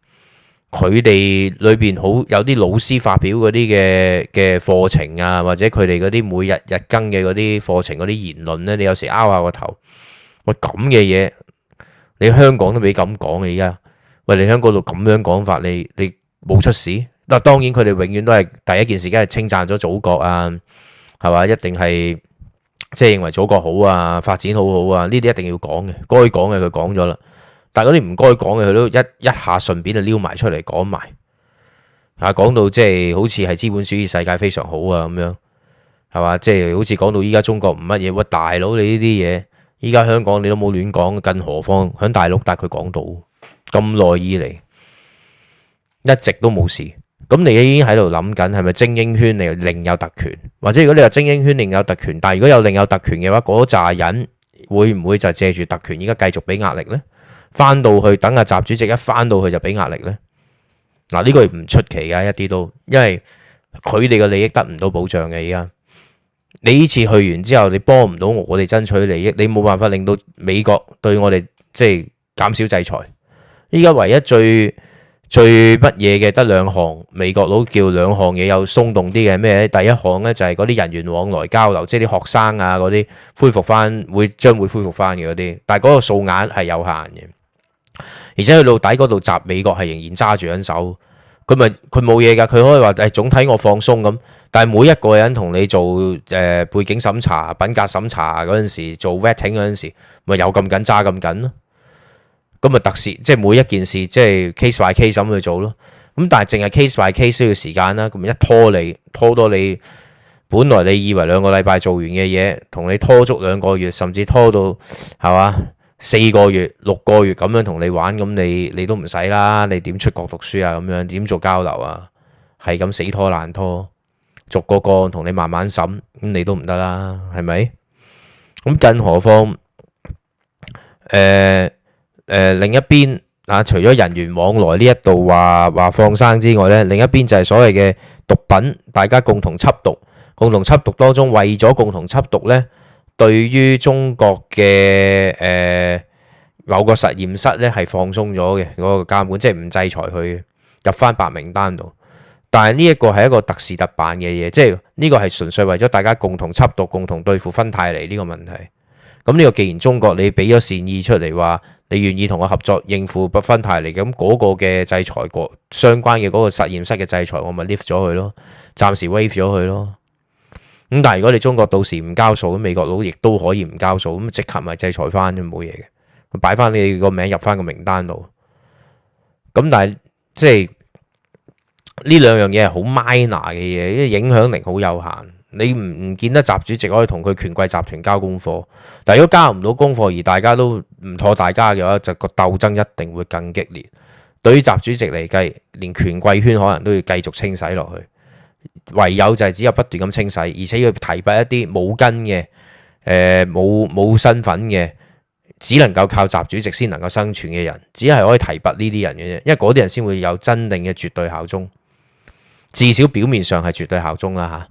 佢哋裏邊好有啲老師發表嗰啲嘅嘅課程啊，或者佢哋嗰啲每日日更嘅嗰啲課程嗰啲言論咧，你有時拗下個頭，喂咁嘅嘢，你香港都未咁講嘅而家，喂你香港度咁樣講法，你你冇出事？嗱，當然佢哋永遠都係第一件事，梗係稱讚咗祖國啊，係嘛，一定係即係認為祖國好啊，發展好好啊，呢啲一定要講嘅，該講嘅佢講咗啦。但嗰啲唔該講嘅，佢都一一下順便就撩埋出嚟講埋，啊講到即係好似係資本主義世界非常好啊咁樣，係嘛？即係好似講到依家中國唔乜嘢，喂，大佬你呢啲嘢，依家香港你都冇亂講，更何況喺大陸，但佢講到咁耐以嚟一直都冇事，咁你已經喺度諗緊係咪精英圈你另有特權，或者如果你話精英圈另有特權，但如果有另有特權嘅話，嗰扎人會唔會就借住特權依家繼續俾壓力呢？翻到去等阿習主席一翻到去就俾壓力咧，嗱呢個唔出奇㗎，一啲都，因為佢哋嘅利益得唔到保障嘅。而家你呢次去完之後，你幫唔到我哋爭取利益，你冇辦法令到美國對我哋即係減少制裁。依家唯一最最乜嘢嘅得兩項，美國佬叫兩項嘢有鬆動啲嘅咩？第一項咧就係嗰啲人員往來交流，即係啲學生啊嗰啲恢復翻會將會恢復翻嘅嗰啲，但係嗰個數額係有限嘅。而且佢到底嗰度集美國係仍然揸住緊手，佢咪佢冇嘢噶，佢可以話誒、哎、總體我放鬆咁，但係每一個人同你做誒、呃、背景審查、品格審查嗰陣時做 vetting 嗰陣時，咪有咁緊揸咁緊咯，咁咪特事即係、就是、每一件事即係、就是、case by case 咁去做咯，咁但係淨係 case by case 需要時間啦，咁一拖你拖到你，本來你以為兩個禮拜做完嘅嘢，同你拖足兩個月，甚至拖到係咪？四個月、六個月咁樣同你玩，咁你你都唔使啦，你點出國讀書啊？咁樣點做交流啊？係咁死拖爛拖，逐個個案同你慢慢審，咁你都唔得啦，係咪？咁更何況誒誒，另一邊啊，除咗人員往來呢一度話話放生之外咧，另一邊就係所謂嘅毒品，大家共同緝毒，共同緝毒當中為咗共同緝毒咧。對於中國嘅誒、呃、某個實驗室咧，係放鬆咗嘅嗰個監管，即係唔制裁佢入翻白名單度。但係呢一個係一個特事特辦嘅嘢，即係呢、呢個係純粹為咗大家共同緝毒、共同對付芬太尼呢個問題。咁、呢、呢個既然中國你俾咗善意出嚟話，你願意同我合作應付不芬太尼，咁嗰個嘅制裁國相關嘅嗰個實驗室嘅制裁，制裁我咪 lift 咗佢咯，暫時 wave 咗佢咯。咁但係如果你中國到時唔交數，美國佬亦都可以唔交數，咁直頭咪制裁返啫，冇嘢嘅，擺翻你個名入翻個名單度。咁但係即係呢兩樣嘢係好 minor 嘅嘢，因為影響力好有限。你唔唔見得習主席可以同佢權貴集團交功課，但係如果交唔到功課而大家都唔妥大家嘅話，就個鬥爭一定會更激烈。對於習主席嚟計，連權貴圈可能都要繼續清洗落去。唯有就係只有不斷咁清洗，而且要提拔一啲冇根嘅，誒，冇冇身份嘅，只能夠靠習主席先能夠生存嘅人，只係可以提拔呢啲人嘅啫，因為嗰啲人先會有真正嘅絕對效忠，至少表面上係絕對效忠啦吓、啊。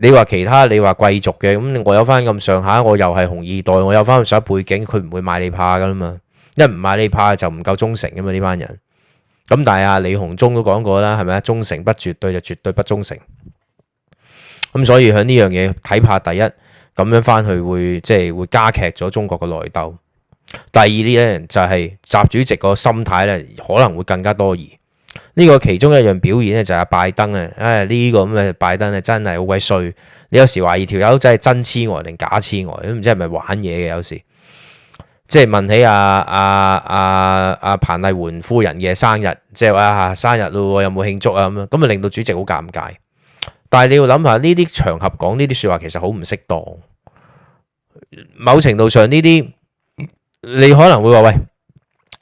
你話其他你話貴族嘅，咁我有翻咁上下，我又係紅二代，我有翻咁上下背景，佢唔會買你怕噶嘛，因為唔買你怕就唔夠忠誠噶嘛呢班人。咁但係阿李鴻忠都講過啦，係咪啊？忠誠不絕對就絕對不忠誠。咁所以喺呢樣嘢睇怕第一咁樣翻去會即係會加劇咗中國嘅內鬥。第二啲咧就係、是、習主席個心態咧可能會更加多疑。呢、這個其中一樣表現咧就係拜登啊，唉、哎、呢、這個咁嘅拜登啊真係好鬼衰。你有時懷疑條友真係真癡呆、呃、定假癡呆、呃，都唔知係咪玩嘢嘅有時。即係問起阿阿阿阿彭麗媛夫人嘅生日，即係話啊生日咯，有冇慶祝啊？咁樣咁啊，令到主席好尷尬。但係你要諗下，呢啲場合講呢啲説話其實好唔適當。某程度上，呢啲你可能會話喂，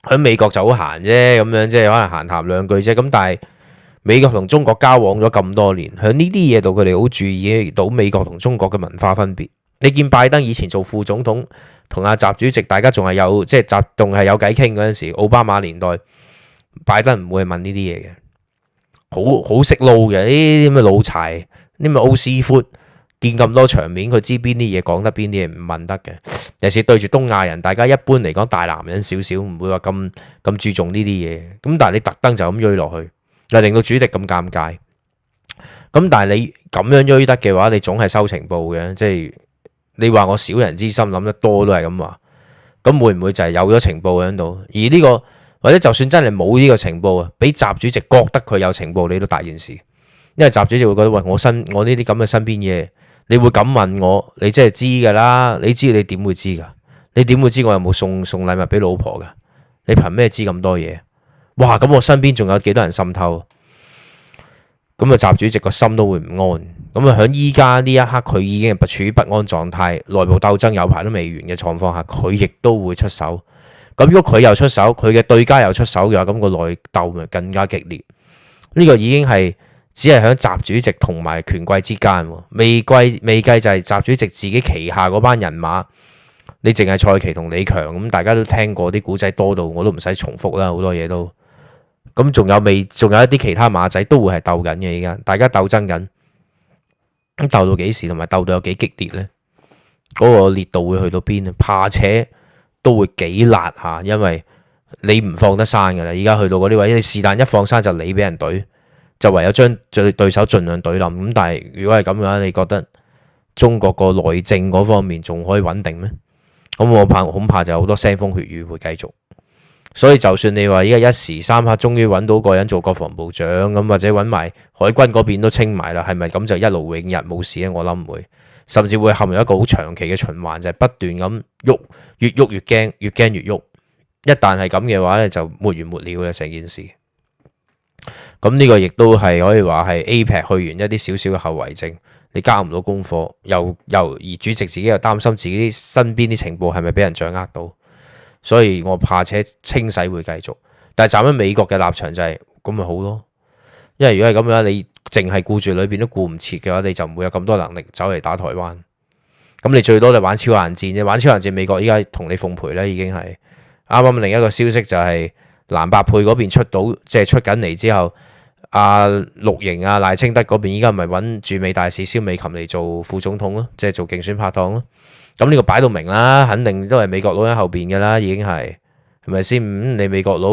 喺美國就好閒啫，咁樣即係可能閒談兩句啫。咁但係美國同中國交往咗咁多年，喺呢啲嘢度，佢哋好注意到美國同中國嘅文化分別。你見拜登以前做副總統同阿習主席，大家仲係有即係習仲係有偈傾嗰陣時，奧巴馬年代拜登唔會問呢啲嘢嘅，好好識撈嘅呢啲咁嘅老柴，呢啲咩嘅 Oscar，見咁多場面，佢知邊啲嘢講得邊啲嘢唔問得嘅。尤其是對住東亞人，大家一般嚟講大男人少少，唔會話咁咁注重呢啲嘢。咁但係你特登就咁追落去，就令到主席咁尷尬。咁但係你咁樣追得嘅話，你總係收情報嘅，即係。你話我小人之心諗得多都係咁話，咁會唔會就係有咗情報喺度？而呢個或者就算真係冇呢個情報啊，俾習主席覺得佢有情報，你都大件事，因為習主席會覺得喂，我身我呢啲咁嘅身邊嘢，你會咁問我，你真係知噶啦，你知你點會知噶？你點會知我有冇送送禮物俾老婆噶？你憑咩知咁多嘢？哇！咁我身邊仲有幾多人滲透？咁啊，習主席個心都會唔安。咁啊！喺依家呢一刻，佢已經係處於不安狀態，內部鬥爭有排都未完嘅狀況下，佢亦都會出手。咁如果佢又出手，佢嘅對家又出手嘅話，咁個內鬥咪更加激烈。呢個已經係只係喺習主席同埋權貴之間。未貴未計就係習主席自己旗下嗰班人馬。你淨係蔡奇同李強咁，大家都聽過啲古仔多到我都唔使重複啦。好多嘢都咁仲有未？仲有一啲其他馬仔都會係鬥緊嘅。依家大家鬥爭緊。咁鬥到幾時，同埋鬥到有幾激烈呢？嗰個烈度會去到邊啊？怕且都會幾辣吓，因為你唔放得生噶啦。而家去到嗰啲位，是但一放生就你俾人懟，就唯有將最對手盡量懟冧。咁但係如果係咁嘅話，你覺得中國個內政嗰方面仲可以穩定咩？咁我怕恐怕就有好多腥風血雨會繼續。所以就算你話依家一時三刻終於揾到個人做國防部長咁，或者揾埋海軍嗰邊都清埋啦，係咪咁就一勞永逸冇事呢？我諗唔會，甚至會陷入一個好長期嘅循環，就係不斷咁喐，越喐越驚，越驚越喐。一旦係咁嘅話呢，就沒完沒了啦，成件事。咁呢個亦都係可以話係 APEC 去完一啲小小嘅後遺症，你交唔到功課，又又而主席自己又擔心自己身邊啲情報係咪俾人掌握到。所以我怕且清洗會繼續，但係站喺美國嘅立場就係咁咪好咯，因為如果係咁樣，你淨係顧住裏邊都顧唔切嘅話，你就唔會有咁多能力走嚟打台灣。咁你最多就玩超限戰啫，玩超限戰，美國依家同你奉陪啦，已經係。啱啱另一個消息就係藍白配嗰邊出到，即係出緊嚟之後，阿綠營啊、賴、啊、清德嗰邊依家咪揾駐美大使蕭美琴嚟做副總統咯，即係做競選拍檔咯。咁呢個擺到明啦，肯定都係美國佬喺後邊嘅啦，已經係，係咪先？你美國佬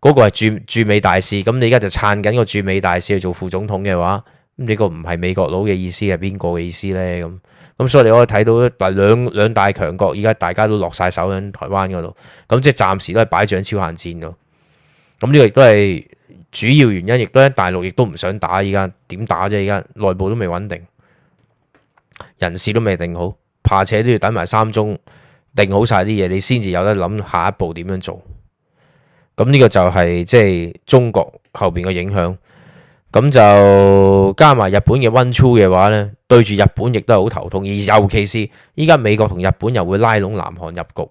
嗰個係駐、駐美大使，咁你依家就撐緊個駐美大使去做副總統嘅話，咁呢個唔係美國佬嘅意思係邊個嘅意思咧？咁咁所以你可以睇到，但係兩大強國依家大家都落晒手喺台灣嗰度，咁即係暫時都係擺住喺超限戰度。咁呢個亦都係主要原因，亦都喺大陸亦都唔想打依家，點打啫？依家內部都未穩定，人事都未定好。怕且都要等埋三中定好晒啲嘢，你先至有得諗下一步點樣做。咁呢個就係、是、即係中國後邊嘅影響。咁就加埋日本嘅溫粗嘅話呢，對住日本亦都係好頭痛。而尤其是依家美國同日本又會拉攏南韓入局。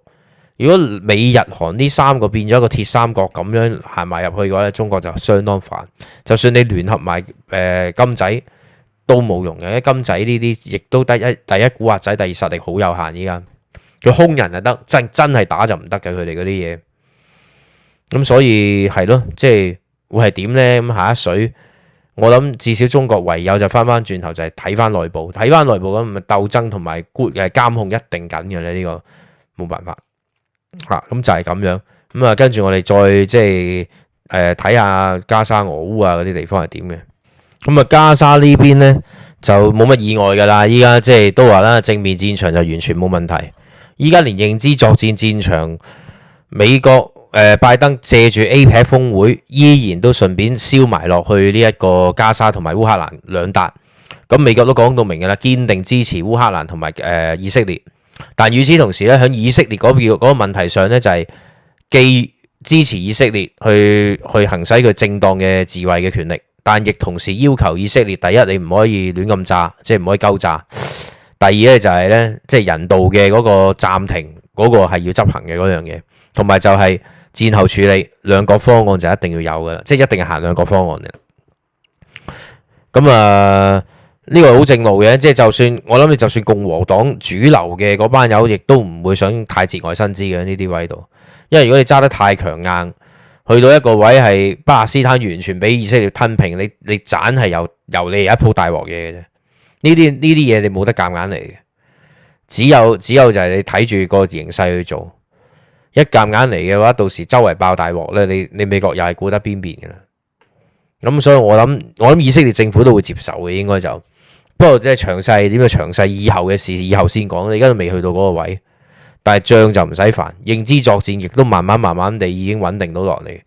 如果美日韓呢三個變咗一個鐵三角咁樣行埋入去嘅話呢，中國就相當煩。就算你聯合埋誒、呃、金仔。都冇用嘅，金仔呢啲，亦都第一第一古惑仔，第二實力好有限。依家佢兇人係得，真真係打就唔得嘅。佢哋嗰啲嘢，咁所以係咯，即係會係點呢？咁下一水，我諗至少中國唯有就翻翻轉頭就係睇翻內部，睇翻內部咁咪鬥爭同埋 g o 監控一定緊嘅咧。呢、呢個冇辦法嚇，咁、啊、就係咁樣。咁、嗯、啊，跟住我哋再即係誒睇下加沙俄烏啊嗰啲地方係點嘅。咁啊，加沙呢邊呢，就冇乜意外噶啦，依家即係都話啦，正面戰場就完全冇問題。依家連認知作戰戰場，美國誒、呃、拜登借住 APEC 峰會，依然都順便燒埋落去呢一個加沙同埋烏克蘭兩笪。咁美國都講到明噶啦，堅定支持烏克蘭同埋誒以色列。但係與此同時咧，喺以色列嗰邊嗰個問題上呢，就係既支持以色列去去行使佢正當嘅自衛嘅權力。但亦同時要求以色列，第一你唔可以亂咁炸，即係唔可以鳩炸；第二咧就係咧，即係人道嘅嗰個暫停嗰、嗰個係要執行嘅嗰樣嘢，同埋就係戰後處理兩國方案就一定要有噶啦，即係一定行兩國方案嘅。咁啊，呢、呃呢個好正路嘅，即係就算我諗你，就算共和黨主流嘅嗰班友，亦都唔會想太節外生枝嘅呢啲位度，因為如果你揸得太強硬，去到一個位係巴勒斯坦完全俾以色列吞平，你你盞係由由你一鋪大鑊嘢嘅啫。呢啲呢啲嘢你冇得夾硬嚟嘅，只有只有就係你睇住個形勢去做。一夾硬嚟嘅話，到時周圍爆大鑊呢，你你美國又係顧得邊邊嘅啦。咁所以我諗我諗以色列政府都會接受嘅，應該就不過即係詳細點樣詳細，以後嘅事以後先講。你而家都未去到嗰個位。但係仗就唔使煩，認知作戰亦都慢慢慢慢地已經穩定到落嚟。誒、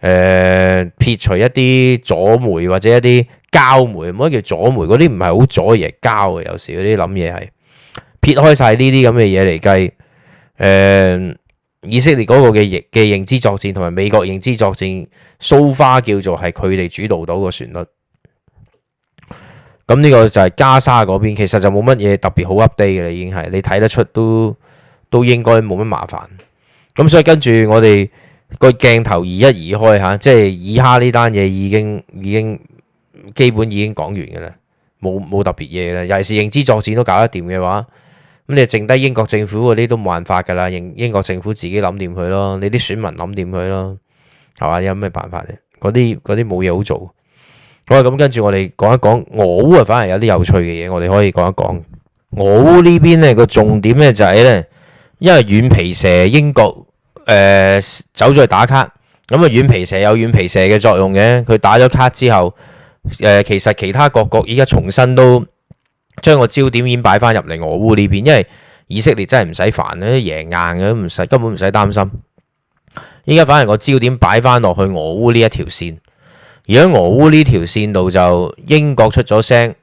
呃，撇除一啲左媒或者一啲膠媒，唔可以叫左媒，嗰啲唔係好左嘢膠嘅，有時嗰啲諗嘢係撇開晒呢啲咁嘅嘢嚟計。誒、呃，以色列嗰個嘅認嘅認知作戰同埋美國認知作戰，蘇花叫做係佢哋主導到個旋律。咁呢個就係加沙嗰邊，其實就冇乜嘢特別好 update 嘅啦，已經係你睇得出都。都應該冇乜麻煩咁，所以跟住我哋個鏡頭移一移開吓，即係以下呢單嘢已經已經基本已經講完噶啦，冇冇特別嘢啦。尤其是認知作戰都搞得掂嘅話，咁你剩低英國政府嗰啲都冇辦法噶啦。英英國政府自己諗掂佢咯，你啲選民諗掂佢咯，係嘛有咩辦法咧？嗰啲啲冇嘢好做。我係咁跟住我哋講一講俄烏啊，反而有啲有趣嘅嘢，我哋可以講一講。俄烏呢邊呢個重點呢就係呢。因為軟皮蛇英國誒走咗去打卡，咁啊軟皮蛇有軟皮蛇嘅作用嘅，佢打咗卡之後，誒、呃、其實其他各國依家重新都將個焦點已經擺翻入嚟俄烏呢邊，因為以色列真係唔使煩啦，贏硬嘅，都唔使，根本唔使擔心。依家反而個焦點擺翻落去俄烏呢一條線，而家俄烏呢條線度就英國出咗聲，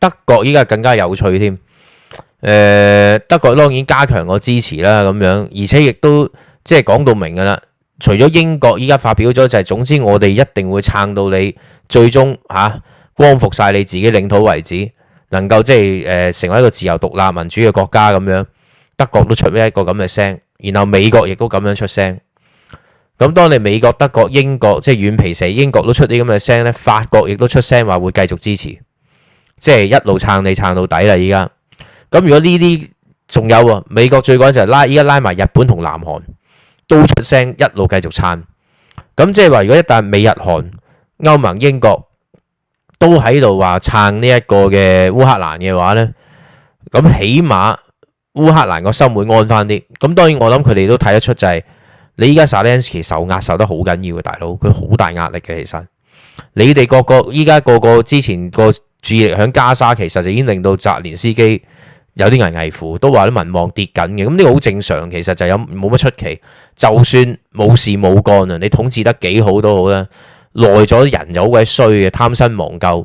德國依家更加有趣添。誒，德國當然加強我支持啦，咁樣而且亦都即係講到明噶啦。除咗英國依家發表咗，就係、是、總之我哋一定會撐到你最終吓、啊、光復晒你自己領土為止，能夠即係誒、呃、成為一個自由獨立民主嘅國家咁樣。德國都出咗一個咁嘅聲，然後美國亦都咁樣出聲。咁當你美國、德國、英國即係軟皮蛇，英國都出啲咁嘅聲呢，法國亦都出聲話會繼續支持，即係一路撐你撐到底啦。依家。咁如果呢啲仲有啊，美國最緊就係拉依家拉埋日本同南韓都出聲，一路繼續撐。咁即係話，如果一旦美日韓歐盟英國都喺度話撐呢一個嘅烏克蘭嘅話呢，咁起碼烏克蘭個心會安翻啲。咁當然我諗佢哋都睇得出就係你依家 Saransky 受壓受得好緊要啊，大佬佢好大壓力嘅，其實你哋各國。你哋個個依家個個之前個注意力喺加沙，其實就已經令到澤連斯基。有啲危危乎，都話啲民望跌緊嘅，咁呢個好正常，其實就有冇乜出奇，就算冇事冇幹，啊，你統治得幾好都好啦，耐咗人就好鬼衰嘅，貪新忘舊，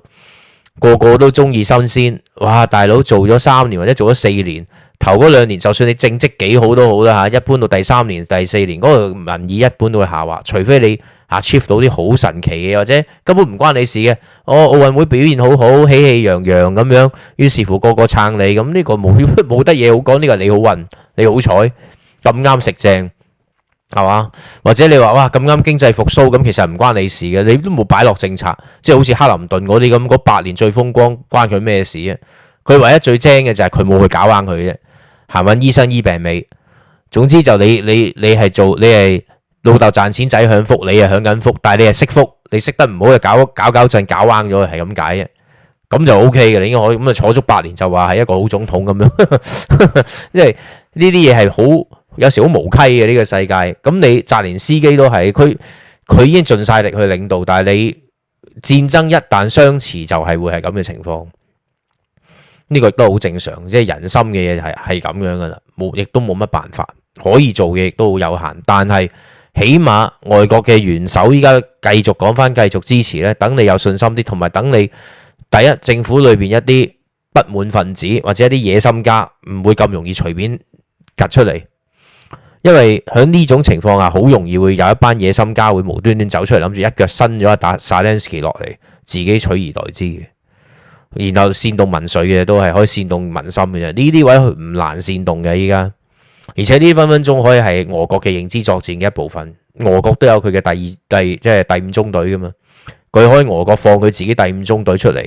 個個都中意新鮮，哇！大佬做咗三年或者做咗四年，頭嗰兩年就算你政績幾好都好啦，一般到第三年第四年嗰個民意一般都會下滑，除非你。achieve 到啲好神奇嘅，或者根本唔關你事嘅。哦，奧運會表現好好，喜氣洋洋咁樣，於是乎個個撐你。咁呢個冇冇得嘢好講，呢個你好運，你好彩，咁啱食正，係嘛？或者你話哇，咁啱經濟復甦，咁其實唔關你事嘅，你都冇擺落政策，即係好似克林頓嗰啲咁，嗰八年最風光，關佢咩事啊？佢唯一最精嘅就係佢冇去搞硬佢啫，行穩醫生醫病未？總之就你你你係做你係。老豆賺錢，仔享福，你啊享緊福，但係你係識福，你識得唔好就搞搞搞震搞彎咗，係咁解嘅。咁就 O K 嘅，你應該可以咁啊坐足八年就話係一個好總統咁樣，因為呢啲嘢係好有時好無稽嘅呢個世界。咁你澤連斯基都係佢佢，已經盡晒力去領導，但係你戰爭一旦相持就係會係咁嘅情況，呢個都好正常。即係人心嘅嘢係係咁樣噶啦，冇亦都冇乜辦法可以做嘅，亦都好有限，但係。起碼外國嘅元首依家繼續講翻，繼續支持咧，等你有信心啲，同埋等你第一政府裏邊一啲不滿分子或者一啲野心家唔會咁容易隨便掘出嚟，因為喺呢種情況下好容易會有一班野心家會無端端走出嚟諗住一腳伸咗一打 Zelensky 落嚟，自己取而代之嘅，然後煽動民粹嘅都係可以煽動民心嘅，啫。呢啲位佢唔難煽動嘅依家。而且呢，分分鐘可以係俄國嘅認知作戰嘅一部分，俄國都有佢嘅第二第即係第五中隊噶嘛，佢可以俄國放佢自己第五中隊出嚟，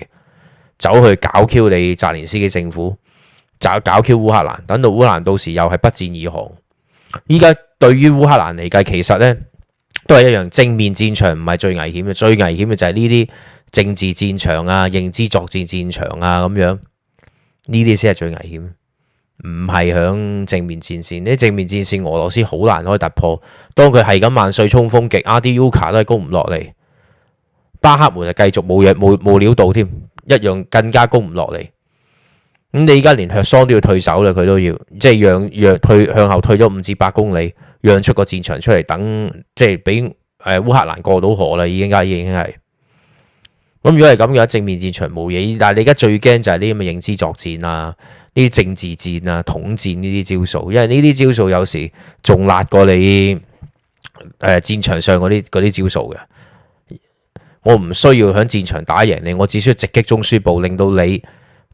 走去搞 Q 你澤連斯基嘅政府，搞 Q 烏克蘭，等到烏克蘭到時又係不戰而降。依家對於烏克蘭嚟計，其實呢都係一樣正面戰場唔係最危險嘅，最危險嘅就係呢啲政治戰場啊、認知作戰戰場啊咁樣，呢啲先係最危險。唔係響正面戰線，呢正面戰線俄羅斯好難可以突破。當佢係咁萬歲衝鋒，極啲 UCA 都係攻唔落嚟。巴克門就繼續冇嘢冇冇料到添，一樣更加攻唔落嚟。咁你而家連赫桑都要退守啦，佢都要即係讓讓退向後退咗五至八公里，讓出個戰場出嚟等，即係俾誒烏克蘭過到河啦。已經家已經係咁，如果係咁樣話正面戰場冇嘢，但係你而家最驚就係呢啲咁嘅認知作戰啦。呢啲政治戰啊、統戰呢啲招數，因為呢啲招數有時仲辣過你誒、呃、戰場上嗰啲啲招數嘅。我唔需要喺戰場打贏你，我只需要直擊中樞部，令到你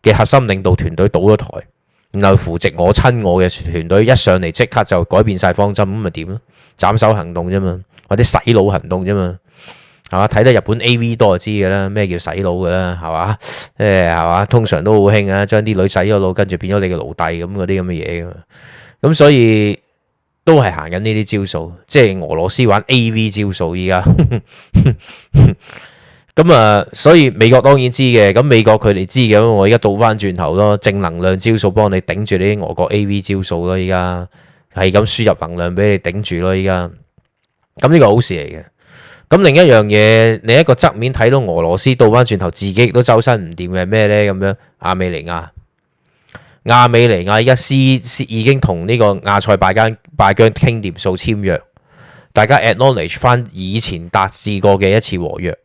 嘅核心領導團隊倒咗台，然後扶植我親我嘅團隊一上嚟即刻就改變晒方針，咁咪點咯？斬首行動啫嘛，或者洗腦行動啫嘛。係嘛？睇得日本 AV 多就知噶啦，咩叫洗腦噶啦？係嘛？誒，係嘛？通常都好興啊，將啲女洗咗腦，跟住變咗你嘅奴隸，咁嗰啲咁嘅嘢啊！咁所以都係行緊呢啲招數，即係俄羅斯玩 AV 招數。依家咁啊，所以美國當然知嘅。咁美國佢哋知嘅，我依家倒翻轉頭咯，正能量招數幫你頂住啲俄國 AV 招數咯。依家係咁輸入能量俾你頂住咯。依家咁呢個好事嚟嘅。咁另一樣嘢，你一個側面睇到俄羅斯倒翻轉頭自己都周身唔掂嘅，咩呢？咁樣，亞美尼亞、亞美尼亞依家已經同呢個亞塞拜疆拜疆傾掂數簽約，大家 acknowledge 翻以前達致過嘅一次和約，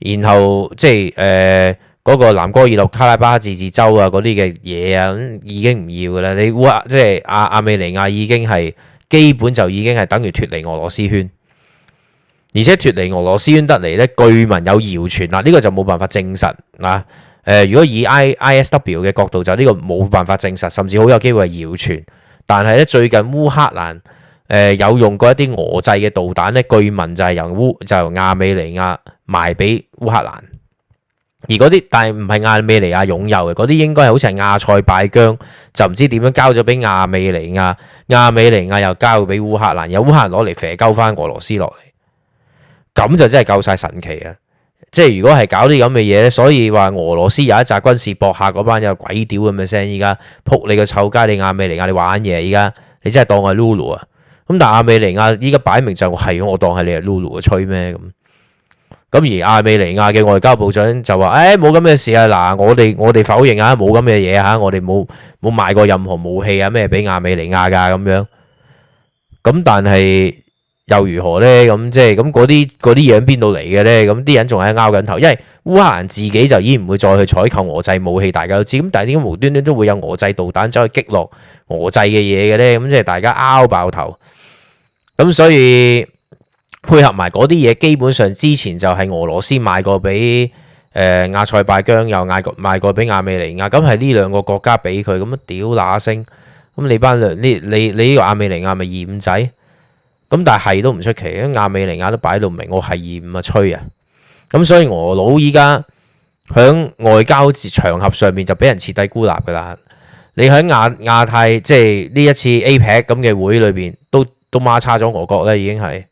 然後即係誒嗰個南哥爾洛卡拉巴自治州啊嗰啲嘅嘢啊，已經唔要噶啦。你哇，即係亞亞美尼亞已經係基本就已經係等於脫離俄羅斯圈。而且脫離俄羅斯得嚟咧，據聞有謠傳啦，呢個就冇辦法證實嗱。誒，如果以 ISW 嘅角度就呢個冇辦法證實，甚至好有機會係謠傳。但係咧，最近烏克蘭誒有用過一啲俄製嘅導彈咧，據聞就係由烏就由亞美尼亞賣俾烏克蘭。而嗰啲但係唔係亞美尼亞擁有嘅，嗰啲應該係好似係亞塞拜疆，就唔知點樣交咗俾亞美尼亞，亞美尼亞又交咗俾烏克蘭，由烏克蘭攞嚟肥鳩翻俄羅斯落嚟。咁就真係夠曬神奇啊！即係如果係搞啲咁嘅嘢咧，所以話俄羅斯有一集軍事博客嗰班有鬼屌咁嘅聲，依家撲你個臭街，你亞美尼亞你玩嘢，依家你真係當係 Lulu 啊！咁但係亞美尼亞依家擺明就係我當係你係 Lulu 啊，吹咩咁？咁而亞美尼亞嘅外交部長就話，誒冇咁嘅事啊！嗱，我哋我哋否認啊，冇咁嘅嘢嚇，我哋冇冇賣過任何武器啊咩俾亞美尼亞㗎咁樣。咁但係。又如何呢？咁即係咁嗰啲嗰啲嘢，邊度嚟嘅呢？咁啲人仲係拗緊頭，因為烏克蘭自己就已經唔會再去採購俄製武器，大家都知。咁但係點解無端端都會有俄製導彈走去擊落俄製嘅嘢嘅呢？咁即係大家拗爆頭。咁所以配合埋嗰啲嘢，基本上之前就係俄羅斯賣過俾誒亞塞拜疆，又賣過賣過俾亞美尼亞。咁係呢兩個國家俾佢。咁啊屌乸聲，咁你班你你你呢個亞美尼亞咪二五仔？咁但係都唔出奇，亞美尼亞都擺到唔明，我係厭啊吹啊，咁所以俄佬依家喺外交場合上面就俾人徹底孤立噶啦。你喺亞亞太即係呢一次 APEC 咁嘅會裏邊都都孖叉咗俄國喇，已經係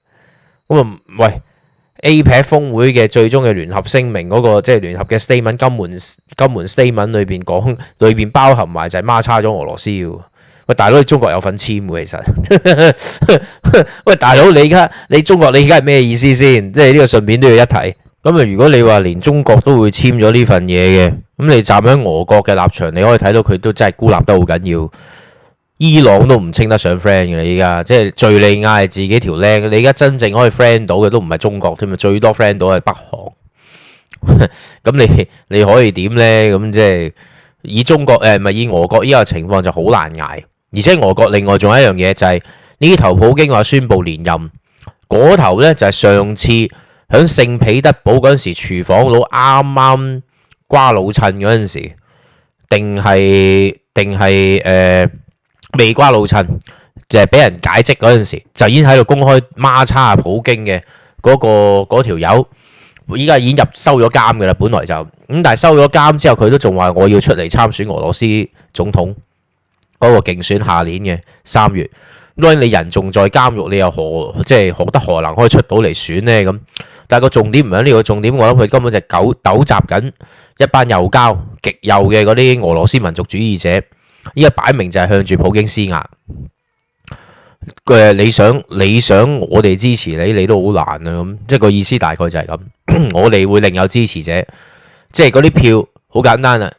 咁啊！喂，APEC 峰會嘅最終嘅聯合聲明嗰個即係聯合嘅 statement，金門金門 statement 裏邊講，裏邊包含埋就係孖叉咗俄羅斯嘅。喂，大佬，你中國有份簽嘅其實。喂，大佬，你而家你中國你而家係咩意思先？即係呢個順便都要一睇。咁啊，如果你話連中國都會簽咗呢份嘢嘅，咁你站喺俄國嘅立場，你可以睇到佢都真係孤立得好緊要。伊朗都唔稱得上 friend 嘅啦，依家即係叙利亞係自己條靚。你而家真正可以 friend 到嘅都唔係中國添啊，最多 friend 到係北韓。咁你你可以點呢？咁即係以中國誒，唔係以俄國依個情況就好難挨。而且俄國另外仲有一樣嘢，就係呢頭普京話宣布連任嗰頭呢，就係上次響聖彼得堡嗰陣時，廚房佬啱啱瓜老襯嗰陣時，定係定係誒未瓜老襯，就係、係、俾人解職嗰陣時，就已經喺度公開孖叉普京嘅嗰、嗰個條友，依、那、家、個、已經入收咗監㗎啦。本來就咁，但係收咗監之後，佢都仲話我要出嚟參選俄羅斯總統。嗰個競選下年嘅三月，咁因為你人仲在監獄，你又何即係何德何能可以出到嚟選呢？咁但係個重點唔係呢個重點，我諗佢根本就係糾糾集緊一班右膠極右嘅嗰啲俄羅斯民族主義者，依家擺明就係向住普京施壓。佢你想你想我哋支持你，你都好難啊！咁即係個意思大概就係咁， 我哋會另有支持者，即係嗰啲票好簡單啦。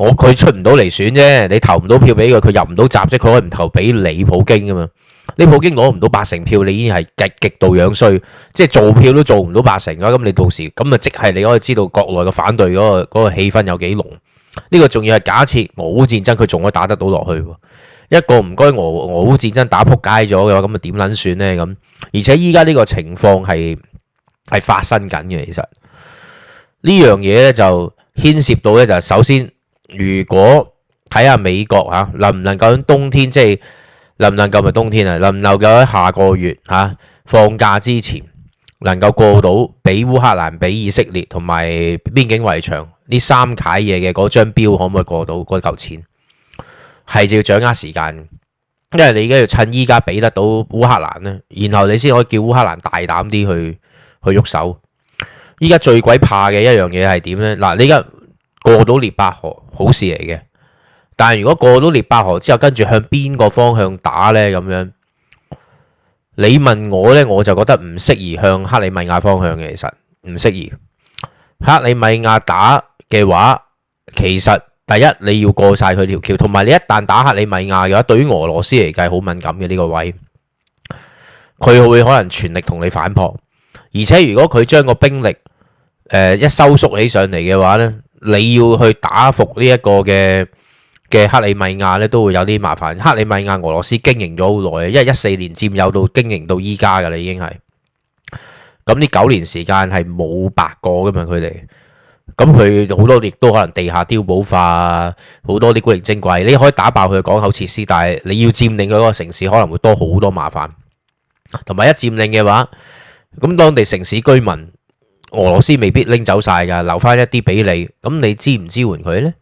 我佢出唔到嚟選啫，你投唔到票俾佢，佢入唔到閘啫。佢可以唔投俾你普京㗎嘛？你普京攞唔到八成票，你已經係極極度樣衰，即係做票都做唔到八成嘅話，咁你到時咁啊，即係你可以知道國內嘅反對嗰個嗰個氣氛有幾濃。呢個仲要係假設俄烏戰爭佢仲可以打得到落去。一個唔該俄俄烏戰爭打仆街咗嘅話，咁啊點撚算咧？咁而且依家呢個情況係係發生緊嘅，其實呢樣嘢咧就牽涉到咧，就首先。如果睇下美國嚇，能唔能夠喺冬天，即係能唔能夠咪冬天啊？能唔能夠喺下個月嚇、啊、放假之前能夠過到俾烏克蘭、俾以色列同埋邊境圍牆呢三楷嘢嘅嗰張標，可唔可以過到嗰嚿錢？係就要掌握時間，因為你而家要趁依家俾得到烏克蘭咧，然後你先可以叫烏克蘭大膽啲去去喐手。依家最鬼怕嘅一樣嘢係點呢？嗱，你而家。過到列巴河好事嚟嘅，但係如果過到列巴河之後，跟住向邊個方向打呢？咁樣，你問我呢，我就覺得唔適宜向克里米亞方向嘅，其實唔適宜。克里米亞打嘅話，其實第一你要過晒佢條橋，同埋你一旦打克里米亞嘅話，對於俄羅斯嚟計好敏感嘅呢個位，佢會可能全力同你反撲，而且如果佢將個兵力、呃、一收縮起上嚟嘅話呢。你要去打服呢一個嘅嘅克里米亞咧，都會有啲麻煩。克里米亞俄羅斯經營咗好耐，因為一四年佔有到經營到依家㗎啦，已經係。咁呢九年時間係冇白過㗎嘛，佢哋。咁佢好多亦都可能地下碉堡化，好多啲古靈精怪。你可以打爆佢嘅港口設施，但係你要佔領嗰個城市可能會多好多麻煩。同埋一佔領嘅話，咁當地城市居民。俄羅斯未必拎走晒噶，留翻一啲俾你。咁你支唔支援佢呢？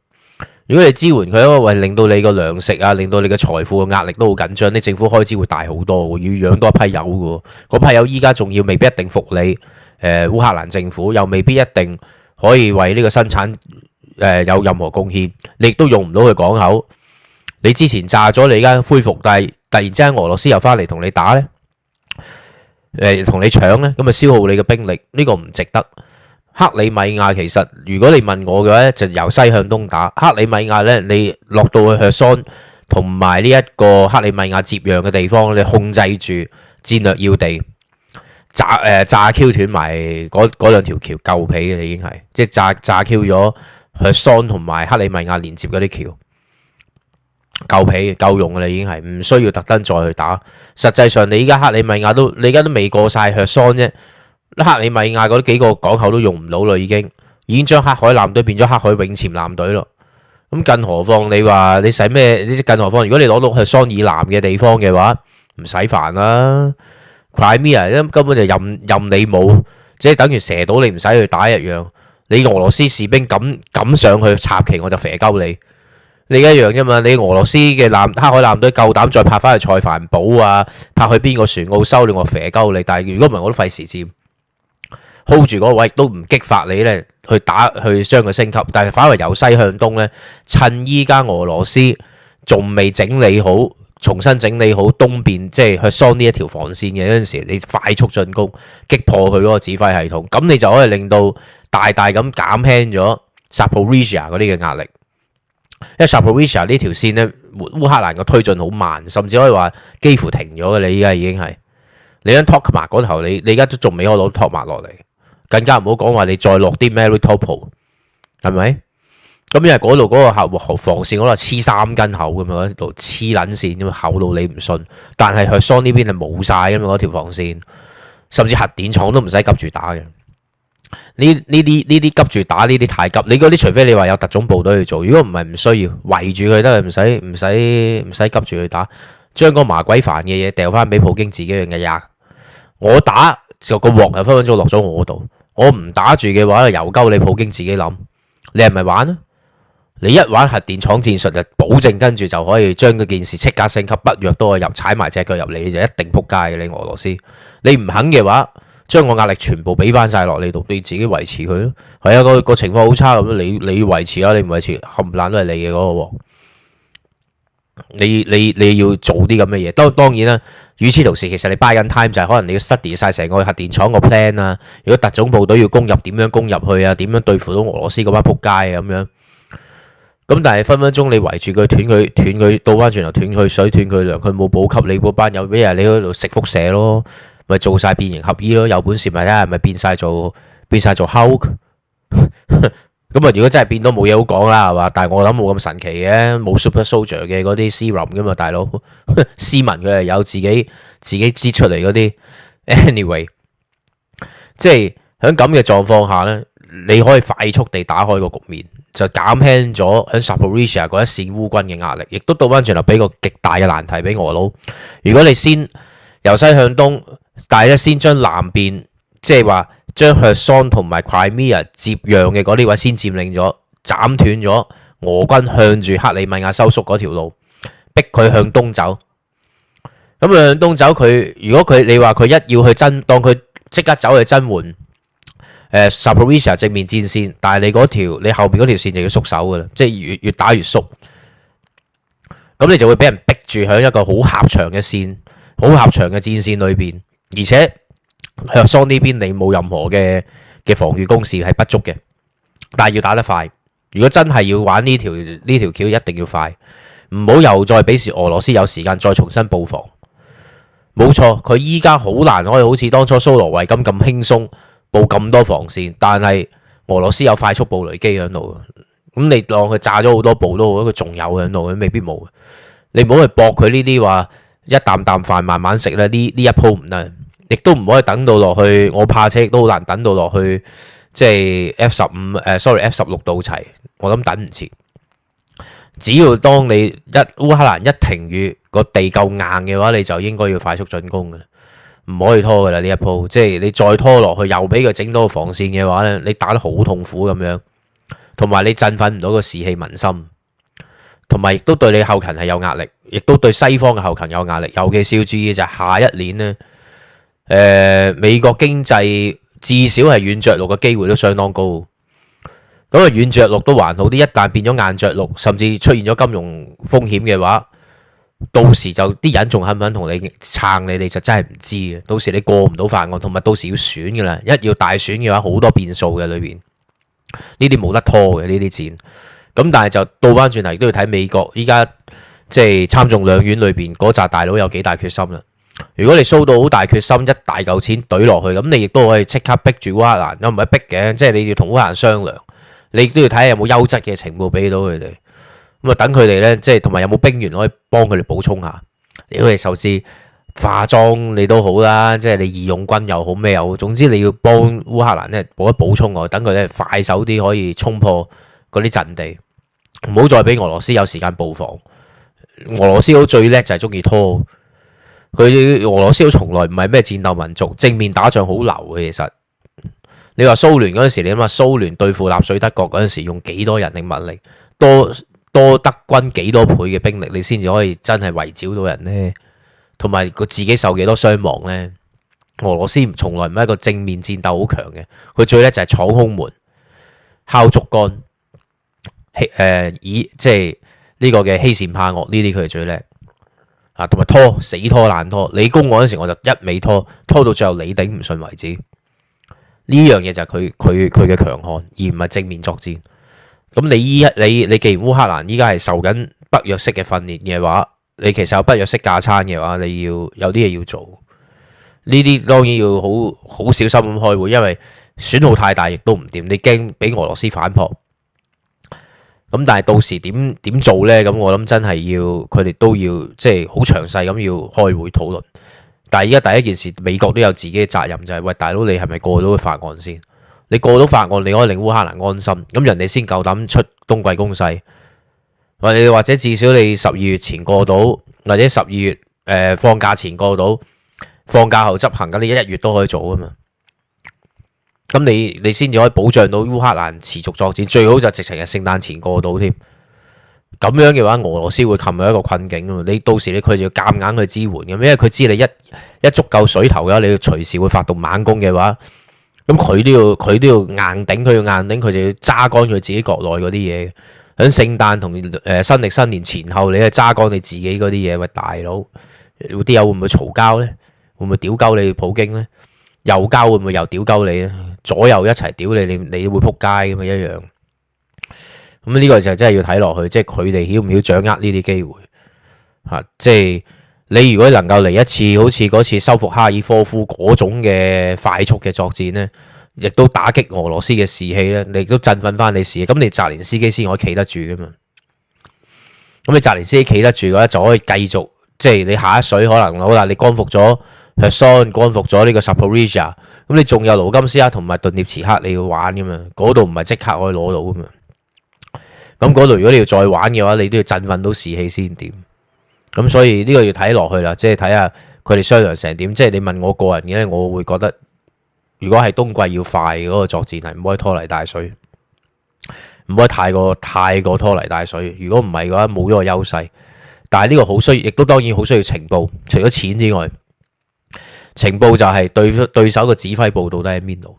如果你支援佢，喂，令到你個糧食啊，令到你嘅財富嘅壓力都好緊張。你政府開支會大好多，要養多一批友噶。嗰批友依家仲要未必一定服你。誒、呃，烏克蘭政府又未必一定可以為呢個生產有任何貢獻。你亦都用唔到佢港口。你之前炸咗，你而家恢復，但係突然之間俄羅斯又翻嚟同你打呢？誒同你搶呢，咁咪消耗你嘅兵力呢個唔值得。克里米亞其實如果你問我嘅話，就由西向東打克里米亞呢，你落到去赫桑同埋呢一個克里米亞接壤嘅地方，你控制住戰略要地，炸誒、呃、炸 Q 斷埋嗰嗰兩條橋夠皮嘅已經係即係炸炸 Q 咗赫桑同埋克里米亞連接嗰啲橋。夠皮嘅，夠用嘅啦，已經係唔需要特登再去打。實際上你依家克里米亞都，你依家都未過晒赫桑啫。克里米亞嗰啲幾個港口都用唔到啦，已經，已經將黑海艦隊變咗黑海永潛艦隊咯。咁更何況你話你使咩？呢啲更何況如果你攞到赫桑以南嘅地方嘅話，唔使煩啦。Crimea 根本就任任你冇，即係等於蛇到你唔使去打一樣。你俄羅斯士兵敢敢上去插旗，我就肥鳩你。你一樣啫嘛！你俄羅斯嘅南黑海艦隊夠膽再拍翻去塞凡堡啊，拍去邊個船澳收你個肥鳩你？但係如果唔係，我都費事佔 hold 住嗰位都唔激發你咧去打去將佢升級。但係反而由西向東咧，趁依家俄羅斯仲未整理好，重新整理好東邊即係去篳呢一條防線嘅嗰陣時，你快速進攻，擊破佢嗰個指揮系統，咁你就可以令到大大咁減輕咗薩普瑞亞嗰啲嘅壓力。因為 Zaporizhzhia 呢條線咧，烏克蘭個推進好慢，甚至可以話幾乎停咗嘅。你依家已經係你喺 Tokmak 嗰頭，你你依家都仲未可攞 Tokmak 落嚟，更加唔好講話你再落啲 Melitopol，係咪？咁因為嗰度嗰個客戶防線嗰度黐三根厚咁樣喺度黐撚線，咁厚到你唔信。但係去 Kherson 呢邊係冇晒噶嘛嗰條防線，甚至核電廠都唔使急住打。呢呢啲呢啲急住打呢啲太急，你嗰啲除非你話有特種部隊去做，如果唔係，唔需要圍住佢都係唔使唔使唔使急住去打，將個麻鬼煩嘅嘢掉翻俾普京自己去壓。我打、那個、鑊就個鍋又分分鐘落咗我度，我唔打住嘅話，由鳩你普京自己諗，你係咪玩啊？你一玩核電廠戰術就保證跟住就可以將嗰件事即刻升級，北約都去入踩埋隻腳入嚟，你就一定撲街嘅你俄羅斯，你唔肯嘅話。將我壓力全部俾翻晒落你度，你自己維持佢咯。係啊，個個情況好差咁，你你要維持啊，你唔維持，冚爛都係你嘅。嗰個你你你要做啲咁嘅嘢。當當然啦，與此同時，其實你 buy 緊 time 就係可能你要 study 晒成個核電廠個 plan 啊。如果特種部隊要攻入，點樣攻入去啊？點樣對付到俄羅斯嗰班撲街啊？咁樣。咁但係分分鐘你圍住佢斷佢斷佢，倒翻轉頭斷佢水斷佢糧，佢冇補給你嗰班有咩啊？你喺度食輻射咯。咪做晒變形俠醫咯，有本事咪睇下咪變晒做變晒做 Hulk，咁啊如果真係變到冇嘢好講啦係嘛？但係我諗冇咁神奇嘅，冇 super soldier 嘅嗰啲 serum 噶嘛，大佬， 斯文嘅，有自己自己支出嚟嗰啲，anyway，即係喺咁嘅狀況下呢，你可以快速地打開個局面，就減輕咗喺 Zaporizhzhia 嗰一線烏軍嘅壓力，亦都倒返轉頭俾個極大嘅難題俾俄佬。如果你先由西向東。但係咧，先將南邊即係話將克桑同埋卡米亞接壤嘅嗰啲位先佔領咗，斬斷咗俄軍向住克里米亞收縮嗰條路，逼佢向東走。咁佢向東走，佢如果佢你話佢一要去增，當佢即刻走去增援，誒，Zaporizhzhia 正面戰線，但係你嗰條你後邊嗰條線就要縮手噶啦，即係越越打越縮，咁你就會俾人逼住喺一個好狹長嘅線、好狹長嘅戰線裏邊。而且赫桑呢邊你冇任何嘅嘅防禦工事係不足嘅，但係要打得快。如果真係要玩呢條呢條橋，一定要快，唔好又再俾時俄羅斯有時間再重新布防。冇錯，佢依家好難可以好似當初蘇羅維金咁咁輕鬆布咁多防線，但係俄羅斯有快速布雷機喺度，咁你當佢炸咗好多步都好，佢仲有喺度，佢未必冇。你唔好去搏佢呢啲話。一啖啖飯慢慢食咧，呢呢一鋪唔得，亦都唔可以等到落去。我怕車都好難等到落去，即係 F 十五誒，sorry F 十六到齊，我諗等唔切。只要當你一烏克蘭一停雨，個地夠硬嘅話，你就應該要快速進攻㗎啦，唔可以拖㗎啦。呢一鋪即係你再拖落去，又俾佢整多個防線嘅話咧，你打得好痛苦咁樣，同埋你振奮唔到個士氣民心。同埋亦都對你後勤係有壓力，亦都對西方嘅後勤有壓力。尤其是要注意嘅就係下一年呢誒、呃、美國經濟至少係軟着陸嘅機會都相當高。咁啊，軟着陸都還好啲，一旦變咗硬着陸，甚至出現咗金融風險嘅話，到時就啲人仲肯唔肯同你撐你，你就真係唔知嘅。到時你過唔到法案，同埋到時要選嘅啦，一要大選嘅話，好多變數嘅裏邊，呢啲冇得拖嘅呢啲戰。咁但係就倒翻轉頭，亦都要睇美國依家即係參眾兩院裏邊嗰扎大佬有幾大決心啦。如果你收到好大決心，一大嚿錢懟落去，咁你亦都可以即刻逼住烏克蘭。又唔係逼嘅，即係你要同烏克蘭商量，你亦都要睇下有冇優質嘅情報俾到佢哋。咁啊，等佢哋咧，即係同埋有冇兵員可以幫佢哋補充下。如果你首先化妝你都好啦，即係你義勇軍又好咩又好，總之你要幫烏克蘭咧，我補充我，等佢咧快手啲可以衝破嗰啲陣地唔好再俾俄羅斯有時間佈防。俄羅斯佬最叻就係鍾意拖佢。俄羅斯佬從來唔係咩戰鬥民族，正面打仗好流嘅。其實你話蘇聯嗰陣時，你諗下蘇聯對付納粹德國嗰陣時，用幾多人力物力，多多德軍幾多倍嘅兵力，你先至可以真係圍剿到人呢？同埋佢自己受幾多傷亡呢？俄羅斯從來唔係一個正面戰鬥好強嘅，佢最叻就係闖空門、敲竹竿。誒，以、呃、即係呢、這個嘅欺善怕惡呢啲，佢係最叻啊！同埋拖死拖爛拖，你攻我嗰陣時，我就一味拖，拖到最後你頂唔順為止。呢樣嘢就係佢佢佢嘅強悍，而唔係正面作戰。咁你依一你你，你既然烏克蘭依家係受緊北約式嘅訓練嘅話，你其實有北約式架撐嘅話，你要有啲嘢要做。呢啲當然要好好小心咁開會，因為損耗太大亦都唔掂。你驚俾俄羅斯反撲。咁但係到時點點做呢？咁我諗真係要佢哋都要即係好詳細咁要開會討論。但係而家第一件事，美國都有自己嘅責任，就係喂，大佬，你係咪過到法案先？你過到法案，你可以令烏克蘭安心，咁人哋先夠膽出冬季攻勢，或者或者至少你十二月前過到，或者十二月誒放假前過到，放假後執行咁，你一月都可以做啊嘛。咁你你先至可以保障到烏克蘭持續作戰，最好就直情係聖誕前過到添。咁樣嘅話，俄羅斯會陷入一個困境啊！你到時你佢就要夾硬去支援，咁因為佢知你一一足夠水頭嘅話，你要隨時會發動猛攻嘅話，咁佢都要佢都要硬頂，佢要硬頂，佢就要揸乾佢自己國內嗰啲嘢。喺聖誕同誒新曆新年前後，你係揸乾你自己嗰啲嘢。喂，大佬，啲友會唔會嘈交呢？會唔會屌鳩你普京呢？右交會唔會又屌鳩你咧？左右一齊屌你，你你會撲街咁啊，一樣。咁呢個就真係要睇落去，即係佢哋曉唔曉掌握呢啲機會吓，啊。即係你如果能夠嚟一次，好似嗰次收復哈爾科夫嗰種嘅快速嘅作戰呢，亦都打擊俄羅斯嘅士氣呢，你都振奮翻你士氣。咁你澤連斯基先可以企得住噶嘛？咁你澤連斯基企得住嘅話，就可以繼續即係你下一水可能好啦，你光復咗。Person 干服咗呢個 Sabouria，咁你仲有盧金斯克同埋頓涅茨克你要玩噶嘛？嗰度唔係即刻可以攞到噶嘛？咁嗰度如果你要再玩嘅話，你都要振奮到士氣先點。咁所以呢個要睇落去啦，即係睇下佢哋商量成點。即係你問我個人嘅，我會覺得如果係冬季要快嗰個作戰係唔可以拖泥帶水，唔可以太過太過拖泥帶水。如果唔係嘅話，冇咗個優勢。但係呢個好需要，亦都當然好需要情報，除咗錢之外。情報就係對對手嘅指揮部到底喺邊度，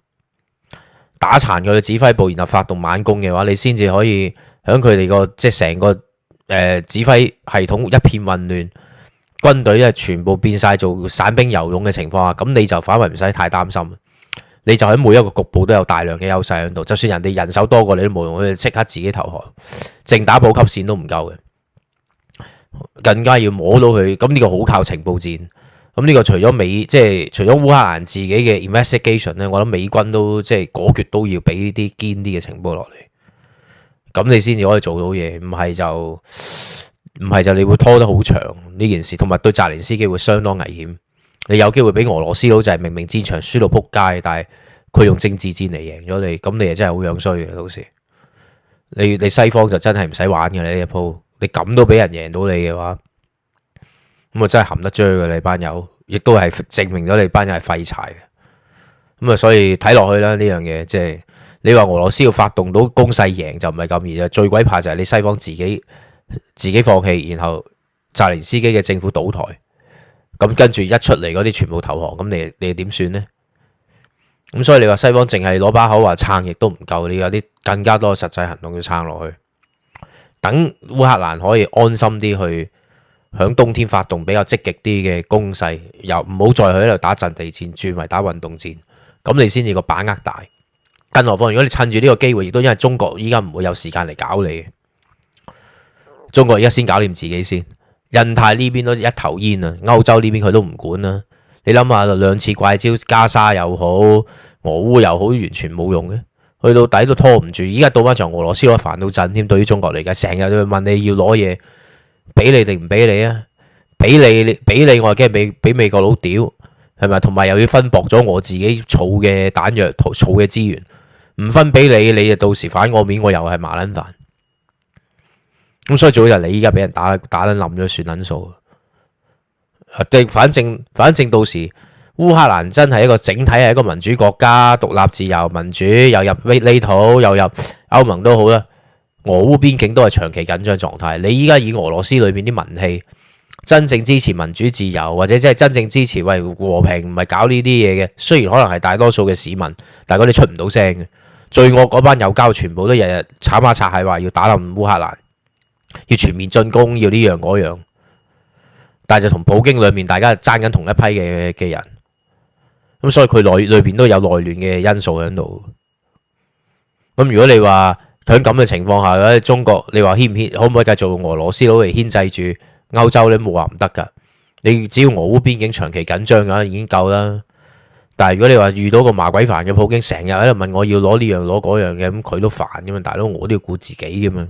打殘佢嘅指揮部，然後發動猛攻嘅話，你先至可以響佢哋個即係成個誒指揮系統一片混亂，軍隊因為全部變晒做散兵游勇嘅情況下，咁你就反為唔使太擔心，你就喺每一個局部都有大量嘅優勢喺度，就算人哋人手多過你都冇用，佢哋即刻自己投降，淨打補給線都唔夠嘅，更加要摸到佢，咁、這、呢個好靠情報戰。咁呢個除咗美，即係除咗烏克蘭自己嘅 investigation 咧，我諗美軍都即係果決都要俾啲堅啲嘅情報落嚟，咁你先至可以做到嘢，唔係就唔係就你會拖得好長呢件事，同埋對澤連斯基會相當危險。你有機會俾俄羅斯佬就係明明戰場輸到撲街，但係佢用政治戰嚟贏咗你，咁你又真係好樣衰嘅。到時你你西方就真係唔使玩嘅啦呢一鋪，你咁都俾人贏到你嘅話。咁啊，真係含得追嘅你班友，亦都係證明咗你班友係廢柴嘅。咁啊，所以睇落去啦，呢樣嘢即係你話俄羅斯要發動到攻勢贏就唔係咁易啊！最鬼怕就係你西方自己自己放棄，然後澤連斯基嘅政府倒台，咁跟住一出嚟嗰啲全部投降，咁你你點算呢？咁所以你話西方淨係攞把口話撐，亦都唔夠，你有啲更加多實際行動要撐落去，等烏克蘭可以安心啲去喺冬天發動比較積極啲嘅攻勢，又唔好再去喺度打陣地戰，轉為打運動戰，咁你先至個把握大。更何況，如果你趁住呢個機會，亦都因為中國依家唔會有時間嚟搞你。中國而家先搞掂自己先。印太呢邊都一頭煙啊，歐洲呢邊佢都唔管啦。你諗下，兩次怪招加沙又好，俄烏又好，完全冇用嘅。去到底都拖唔住，依家到翻場俄羅斯都煩到震添。對於中國嚟講，成日都問你要攞嘢。俾你定唔俾你啊？俾你，你俾你，我驚美俾美國佬屌，係咪？同埋又要分薄咗我自己儲嘅彈藥、同儲嘅資源，唔分俾你，你就到時反我面，我又係麻捻煩。咁所以做嗰陣，你依家俾人打打捻冧咗算捻數。啊，反正反正到時烏克蘭真係一個整體係一個民主國家、獨立自由民主，又入呢呢土，又入歐盟都好啦。俄烏邊境都係長期緊張狀態。你依家以俄羅斯裏面啲民氣，真正支持民主自由，或者即係真正支持維護和平，唔係搞呢啲嘢嘅。雖然可能係大多數嘅市民，但係佢哋出唔到聲嘅。罪惡嗰班右膠，全部都日日慘下擦鞋，話要打冧烏克蘭，要全面進攻，要呢樣嗰樣。但係就同普京裏面大家爭緊同一批嘅嘅人。咁所以佢內裏邊都有內亂嘅因素喺度。咁如果你話，喺咁嘅情況下咧，中國你話牽唔牽，可唔可以繼續用俄羅斯佬嚟牽制住歐洲咧？冇話唔得噶。你只要俄烏邊境長期緊張嘅話，已經夠啦。但係如果你話遇到個麻鬼煩嘅普京，成日喺度問我要攞呢樣攞嗰樣嘅，咁佢都煩嘅嘛。大佬我都要顧自己嘅嘛。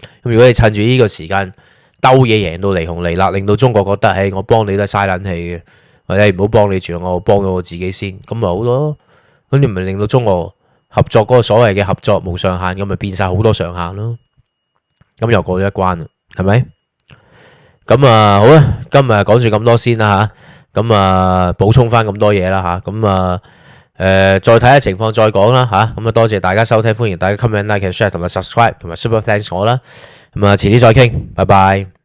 咁如果你趁住呢個時間兜嘢贏到離行離列啦，令到中國覺得，唉，我幫你都嘥冷氣嘅，我哋唔好幫你住，我幫到我自己先，咁咪好咯。咁你唔係令到中國合作嗰個所謂嘅合作冇上限，咁咪變晒好多上限咯。咁又過咗一關啦，係咪？咁啊好啦，今日講住咁多先啦吓。咁啊補充翻咁多嘢啦吓。咁啊誒再睇下情況再講啦吓。咁啊多謝大家收聽，歡迎大家 comment、like、share 同埋 subscribe 同埋 super thanks 我啦。咁啊遲啲再傾，拜拜。